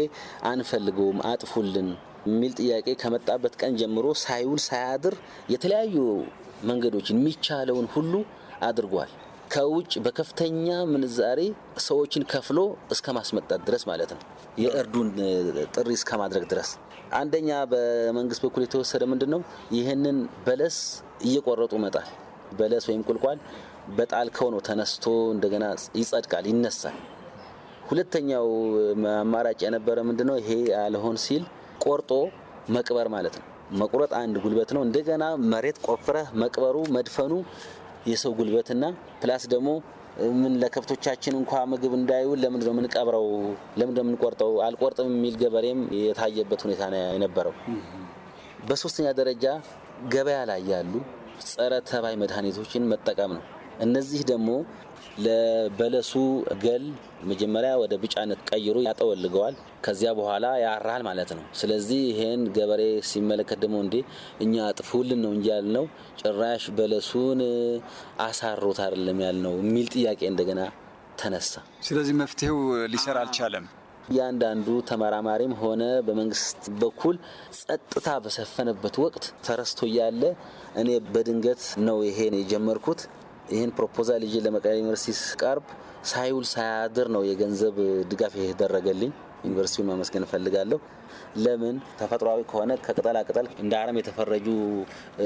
አንፈልገውም አጥፉልን የሚል ጥያቄ ከመጣበት ቀን ጀምሮ ሳይውል ሳያድር የተለያዩ መንገዶችን የሚቻለውን ሁሉ አድርጓል። ከውጭ በከፍተኛ ምንዛሬ ሰዎችን ከፍሎ እስከ ማስመጣት ድረስ ማለት ነው። የእርዱን ጥሪ እስከ ማድረግ ድረስ። አንደኛ በመንግስት በኩል የተወሰደ ምንድን ነው? ይህንን በለስ እየቆረጡ መጣል በለስ ወይም ቁልቋል በጣልከው ነው ተነስቶ እንደገና ይጸድቃል፣ ይነሳል። ሁለተኛው አማራጭ የነበረ ምንድነው? ይሄ አልሆን ሲል ቆርጦ መቅበር ማለት ነው። መቁረጥ አንድ ጉልበት ነው። እንደገና መሬት ቆፍረህ መቅበሩ መድፈኑ የሰው ጉልበትና ፕላስ ደግሞ ምን ለከብቶቻችን እንኳ ምግብ እንዳይውል ለምንድ ነው የምንቀብረው? ለምንድን ነው የምንቆርጠው? አልቆርጥም የሚል ገበሬም የታየበት ሁኔታ ነው የነበረው። በሶስተኛ ደረጃ ገበያ ላይ ያሉ ጸረ ተባይ መድኃኒቶችን መጠቀም ነው። እነዚህ ደግሞ ለበለሱ ገል መጀመሪያ ወደ ቢጫነት ቀይሮ ያጠወልገዋል። ከዚያ በኋላ ያራል ማለት ነው። ስለዚህ ይሄን ገበሬ ሲመለከት ደግሞ እንዴ እኛ አጥፉልን ነው እንጂ ያልነው ጭራሽ በለሱን አሳሮት አይደለም ያልነው የሚል ጥያቄ እንደገና ተነሳ። ስለዚህ መፍትሄው ሊሰራ አልቻለም። እያንዳንዱ ተመራማሪም ሆነ በመንግስት በኩል ጸጥታ በሰፈነበት ወቅት ተረስቶ እያለ እኔ በድንገት ነው ይሄን የጀመርኩት ይህን ፕሮፖዛል ይዤ ለመቀሌ ዩኒቨርሲቲ ስቀርብ ሳይውል ሳያድር ነው የገንዘብ ድጋፍ የተደረገልኝ። ዩኒቨርሲቲውን ማመስገን እፈልጋለሁ። ለምን ተፈጥሯዊ ከሆነ ከቅጠላ ቅጠል እንደ አረም የተፈረጁ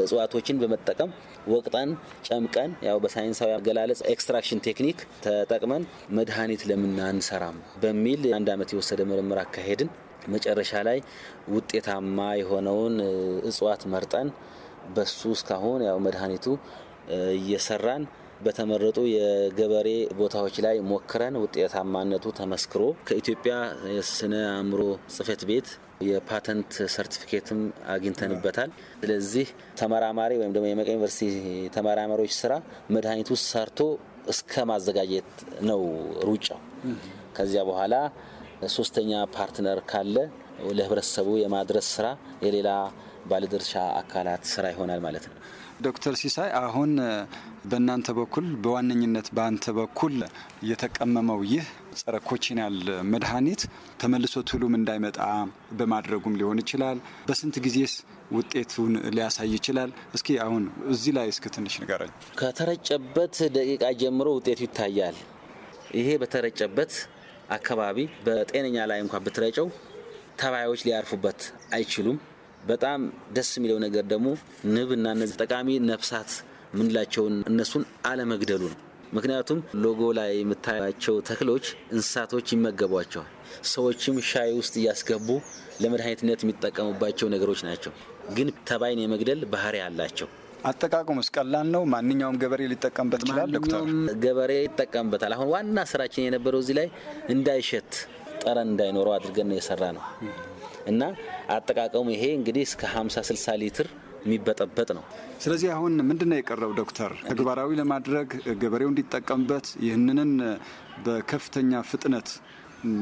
እጽዋቶችን በመጠቀም ወቅጠን ጨምቀን፣ ያው በሳይንሳዊ አገላለጽ ኤክስትራክሽን ቴክኒክ ተጠቅመን መድኃኒት ለምን አንሰራም በሚል አንድ ዓመት የወሰደ ምርምር አካሄድን። መጨረሻ ላይ ውጤታማ የሆነውን እጽዋት መርጠን በሱ እስካሁን ያው መድኃኒቱ እየሰራን በተመረጡ የገበሬ ቦታዎች ላይ ሞክረን ውጤታማነቱ ተመስክሮ ከኢትዮጵያ የስነ አእምሮ ጽህፈት ቤት የፓተንት ሰርቲፊኬትም አግኝተንበታል። ስለዚህ ተመራማሪ ወይም ደግሞ የመቀ ዩኒቨርሲቲ ተመራማሪዎች ስራ መድኃኒቱ ሰርቶ እስከ ማዘጋጀት ነው ሩጫው። ከዚያ በኋላ ሶስተኛ ፓርትነር ካለ ለህብረተሰቡ የማድረስ ስራ የሌላ ባለድርሻ አካላት ስራ ይሆናል ማለት ነው። ዶክተር ሲሳይ አሁን በእናንተ በኩል በዋነኝነት በአንተ በኩል የተቀመመው ይህ ጸረ ኮቺናል መድኃኒት ተመልሶ ትሉም እንዳይመጣ በማድረጉም ሊሆን ይችላል። በስንት ጊዜስ ውጤቱን ሊያሳይ ይችላል? እስኪ አሁን እዚህ ላይ እስክ ትንሽ ንገረኝ። ከተረጨበት ደቂቃ ጀምሮ ውጤቱ ይታያል። ይሄ በተረጨበት አካባቢ በጤነኛ ላይ እንኳን ብትረጨው ተባዮች ሊያርፉበት አይችሉም። በጣም ደስ የሚለው ነገር ደግሞ እና እነዚህ ጠቃሚ ነፍሳት ምንላቸውን እነሱን አለመግደሉ ነው። ምክንያቱም ሎጎ ላይ የምታያቸው ተክሎች እንስሳቶች ይመገቧቸዋል። ሰዎችም ሻይ ውስጥ እያስገቡ ለመድኃኒትነት የሚጠቀሙባቸው ነገሮች ናቸው። ግን ተባይን የመግደል ባህሪ አላቸው። አጠቃቀሙስ ቀላል ነው። ማንኛውም ገበሬ ሊጠቀምበት ይችላል። ዶክተር ገበሬ ይጠቀምበታል። አሁን ዋና ስራችን የነበረው እዚህ ላይ እንዳይሸት ጠረን እንዳይኖረው አድርገን ነው የሰራ ነው። እና አጠቃቀሙ ይሄ እንግዲህ እስከ 50 60 ሊትር የሚበጠበጥ ነው። ስለዚህ አሁን ምንድን ነው የቀረው ዶክተር ተግባራዊ ለማድረግ ገበሬው እንዲጠቀምበት ይህንንን በከፍተኛ ፍጥነት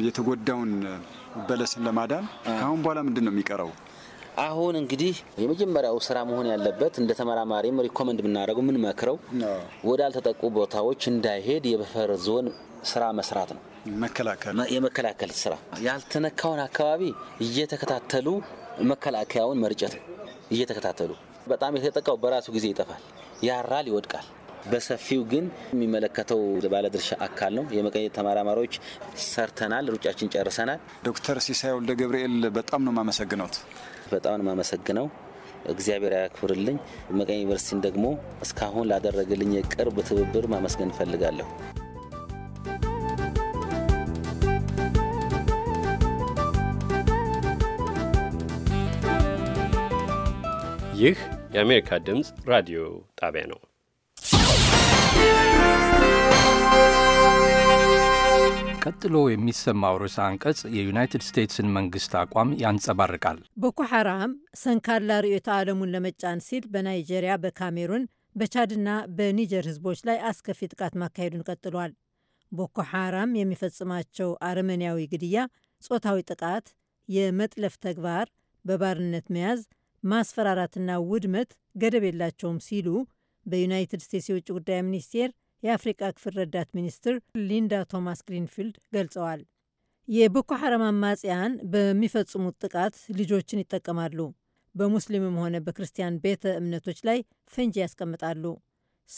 የተጎዳውን በለስን ለማዳን ከአሁን በኋላ ምንድን ነው የሚቀረው? አሁን እንግዲህ የመጀመሪያው ስራ መሆን ያለበት እንደ ተመራማሪም ሪኮመንድ የምናደርገው የምንመክረው ወዳልተጠቁ ቦታዎች እንዳይሄድ የበፈር ዞን ስራ መስራት ነው። የመከላከል ስራ ያልተነካውን አካባቢ እየተከታተሉ መከላከያውን መርጨት እየተከታተሉ በጣም የተጠቃው በራሱ ጊዜ ይጠፋል፣ ያራል፣ ይወድቃል። በሰፊው ግን የሚመለከተው ባለድርሻ አካል ነው። የመቀኘት ተመራማሪዎች ሰርተናል፣ ሩጫችን ጨርሰናል። ዶክተር ሲሳይ ወልደ ገብርኤል በጣም ነው የማመሰግነውት በጣም ነው የማመሰግነው። እግዚአብሔር ያክብርልኝ። መቀኝ ዩኒቨርሲቲን ደግሞ እስካሁን ላደረግልኝ የቅርብ ትብብር ማመስገን እፈልጋለሁ። ይህ የአሜሪካ ድምፅ ራዲዮ ጣቢያ ነው። ቀጥሎ የሚሰማው ርዕሰ አንቀጽ የዩናይትድ ስቴትስን መንግስት አቋም ያንጸባርቃል። ቦኮ ሐራም ሰንካላ ርዕዮተ ዓለሙን ለመጫን ሲል በናይጄሪያ፣ በካሜሩን፣ በቻድና በኒጀር ህዝቦች ላይ አስከፊ ጥቃት ማካሄዱን ቀጥሏል። ቦኮ ሐራም የሚፈጽማቸው አረመኔያዊ ግድያ፣ ጾታዊ ጥቃት፣ የመጥለፍ ተግባር፣ በባርነት መያዝ፣ ማስፈራራትና ውድመት ገደብ የላቸውም ሲሉ በዩናይትድ ስቴትስ የውጭ ጉዳይ ሚኒስቴር የአፍሪቃ ክፍል ረዳት ሚኒስትር ሊንዳ ቶማስ ግሪንፊልድ ገልጸዋል። የቦኮ ሐራም አማጽያን በሚፈጽሙት ጥቃት ልጆችን ይጠቀማሉ። በሙስሊምም ሆነ በክርስቲያን ቤተ እምነቶች ላይ ፈንጂ ያስቀምጣሉ።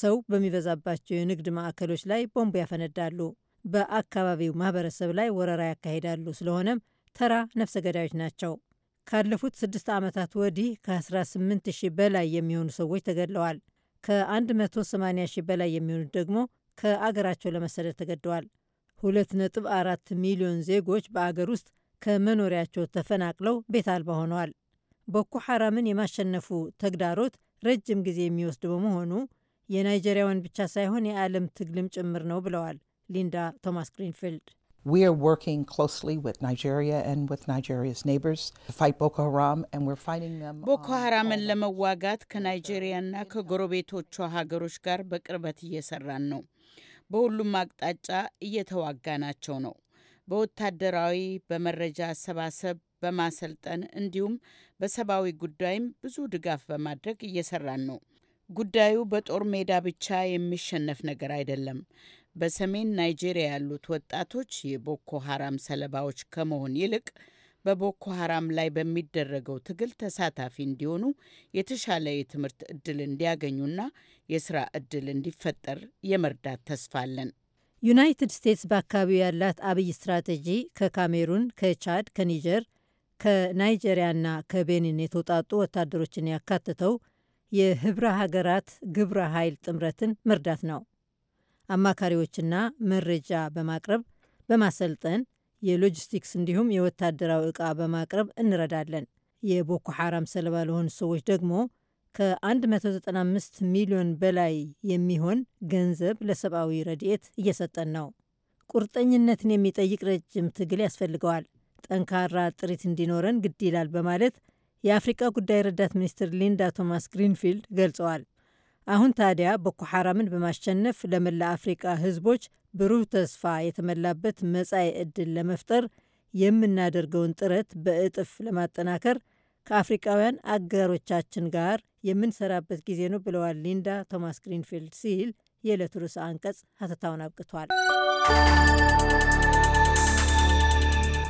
ሰው በሚበዛባቸው የንግድ ማዕከሎች ላይ ቦምቡ ያፈነዳሉ። በአካባቢው ማህበረሰብ ላይ ወረራ ያካሂዳሉ። ስለሆነም ተራ ነፍሰ ገዳዮች ናቸው። ካለፉት ስድስት ዓመታት ወዲህ ከ18 ሺህ በላይ የሚሆኑ ሰዎች ተገድለዋል። ከ180 ሺህ በላይ የሚሆኑት ደግሞ ከአገራቸው ለመሰደድ ተገደዋል። 2.4 ሚሊዮን ዜጎች በአገር ውስጥ ከመኖሪያቸው ተፈናቅለው ቤት አልባ ሆነዋል። ቦኮ ሐራምን የማሸነፉ ተግዳሮት ረጅም ጊዜ የሚወስድ በመሆኑ የናይጀሪያውን ብቻ ሳይሆን የዓለም ትግልም ጭምር ነው ብለዋል ሊንዳ ቶማስ ግሪንፊልድ። We are working closely with Nigeria and with Nigeria's neighbors to fight Boko Haram, and we're fighting them. Boko Haram and Lemawagat, Nigeria, Naka Gorobeto Chohagarushkar, Bakrabati Yesarano, Bolu Magdaja, Yetawagana Chono, Botadarai, Bemereja Sabasa, Bemaseltan, and Dum, Besabawi Gudaim, Bazudagaf Bamadrek, Yesarano. ጉዳዩ በጦር ሜዳ ብቻ የሚሸነፍ ነገር በሰሜን ናይጄሪያ ያሉት ወጣቶች የቦኮ ሀራም ሰለባዎች ከመሆን ይልቅ በቦኮ ሀራም ላይ በሚደረገው ትግል ተሳታፊ እንዲሆኑ የተሻለ የትምህርት እድል እንዲያገኙና የስራ እድል እንዲፈጠር የመርዳት ተስፋ አለን። ዩናይትድ ስቴትስ በአካባቢው ያላት አብይ ስትራቴጂ ከካሜሩን፣ ከቻድ፣ ከኒጀር፣ ከናይጄሪያና ከቤኒን የተውጣጡ ወታደሮችን ያካትተው የህብረ ሀገራት ግብረ ኃይል ጥምረትን መርዳት ነው። አማካሪዎችና መረጃ በማቅረብ በማሰልጠን የሎጂስቲክስ እንዲሁም የወታደራዊ ዕቃ በማቅረብ እንረዳለን። የቦኮ ሐራም ሰለባ ለሆኑ ሰዎች ደግሞ ከ195 ሚሊዮን በላይ የሚሆን ገንዘብ ለሰብአዊ ረድኤት እየሰጠን ነው። ቁርጠኝነትን የሚጠይቅ ረጅም ትግል ያስፈልገዋል። ጠንካራ ጥሪት እንዲኖረን ግድ ይላል በማለት የአፍሪቃ ጉዳይ ረዳት ሚኒስትር ሊንዳ ቶማስ ግሪንፊልድ ገልጸዋል። አሁን ታዲያ ቦኮ ሐራምን በማሸነፍ ለመላ አፍሪቃ ህዝቦች ብሩህ ተስፋ የተሞላበት መጻኢ ዕድል ለመፍጠር የምናደርገውን ጥረት በእጥፍ ለማጠናከር ከአፍሪቃውያን አጋሮቻችን ጋር የምንሰራበት ጊዜ ነው ብለዋል ሊንዳ ቶማስ ግሪንፊልድ ሲል የዕለቱ ርዕሰ አንቀጽ ሀተታውን አብቅቷል።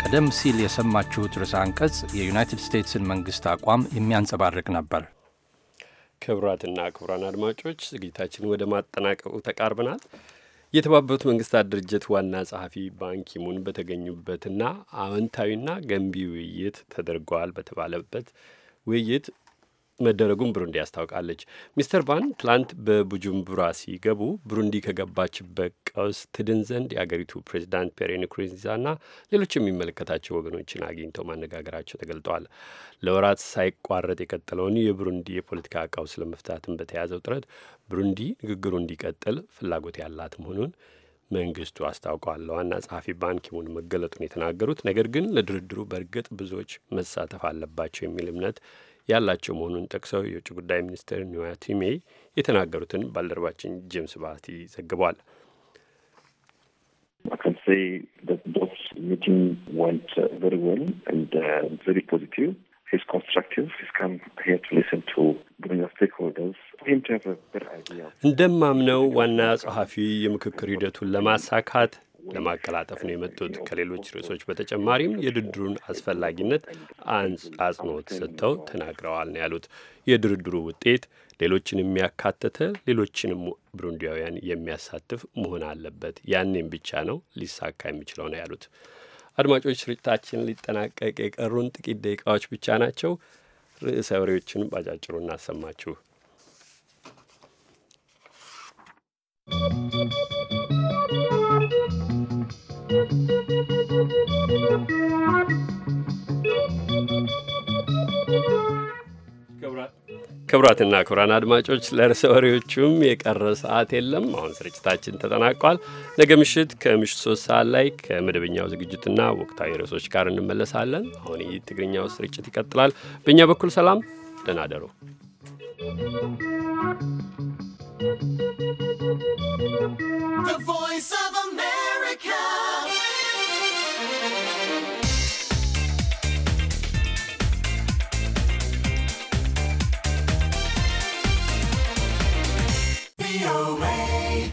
ቀደም ሲል የሰማችሁት ርዕሰ አንቀጽ የዩናይትድ ስቴትስን መንግስት አቋም የሚያንጸባርቅ ነበር። ክቡራትና ክቡራን አድማጮች ዝግጅታችን ወደ ማጠናቀቁ ተቃርበናል። የተባበሩት መንግስታት ድርጅት ዋና ጸሐፊ ባንኪሙን በተገኙበትና አዎንታዊና ገንቢ ውይይት ተደርጓል በተባለበት ውይይት መደረጉን ብሩንዲ ያስታውቃለች። ሚስተር ባን ትላንት በቡጁምቡራ ሲገቡ ብሩንዲ ከገባችበት ቀውስ ትድን ዘንድ የአገሪቱ ፕሬዚዳንት ፔሬ ንኩሩንዚዛና ሌሎች የሚመለከታቸው ወገኖችን አግኝተው ማነጋገራቸው ተገልጠዋል። ለወራት ሳይቋረጥ የቀጠለውን የብሩንዲ የፖለቲካ ቀውስ ለመፍታትን በተያዘው ጥረት ብሩንዲ ንግግሩ እንዲቀጥል ፍላጎት ያላት መሆኑን መንግስቱ አስታውቋል። ዋና ጸሐፊ ባንኪሙን መገለጡን የተናገሩት ነገር ግን ለድርድሩ በእርግጥ ብዙዎች መሳተፍ አለባቸው የሚል እምነት ያላቸው መሆኑን ጠቅሰው የውጭ ጉዳይ ሚኒስትር ኒዋቲሜ የተናገሩትን ባልደረባችን ጄምስ ባቲ ዘግቧል። እንደማምነው ዋና ጸሐፊ የምክክር ሂደቱን ለማሳካት ለማቀላጠፍ ነው የመጡት። ከሌሎች ርዕሶች በተጨማሪም የድርድሩን አስፈላጊነት አጽንኦት ሰጥተው ተናግረዋል ነው ያሉት። የድርድሩ ውጤት ሌሎችን የሚያካተተ ሌሎችንም ብሩንዲያውያን የሚያሳትፍ መሆን አለበት። ያኔም ብቻ ነው ሊሳካ የሚችለው ነው ያሉት። አድማጮች ስርጭታችን ሊጠናቀቅ የቀሩን ጥቂት ደቂቃዎች ብቻ ናቸው። ርዕሰ ወሬዎችን ባጫጭሩ እናሰማችሁ። ክቡራትና ክቡራን አድማጮች ለርዕሰ ወሬዎቹም የቀረ ሰዓት የለም። አሁን ስርጭታችን ተጠናቋል። ነገ ምሽት ከምሽት ሶስት ሰዓት ላይ ከመደበኛው ዝግጅትና ወቅታዊ ርዕሶች ጋር እንመለሳለን። አሁን ይህ ትግርኛው ስርጭት ይቀጥላል። በእኛ በኩል ሰላም፣ ደህና you.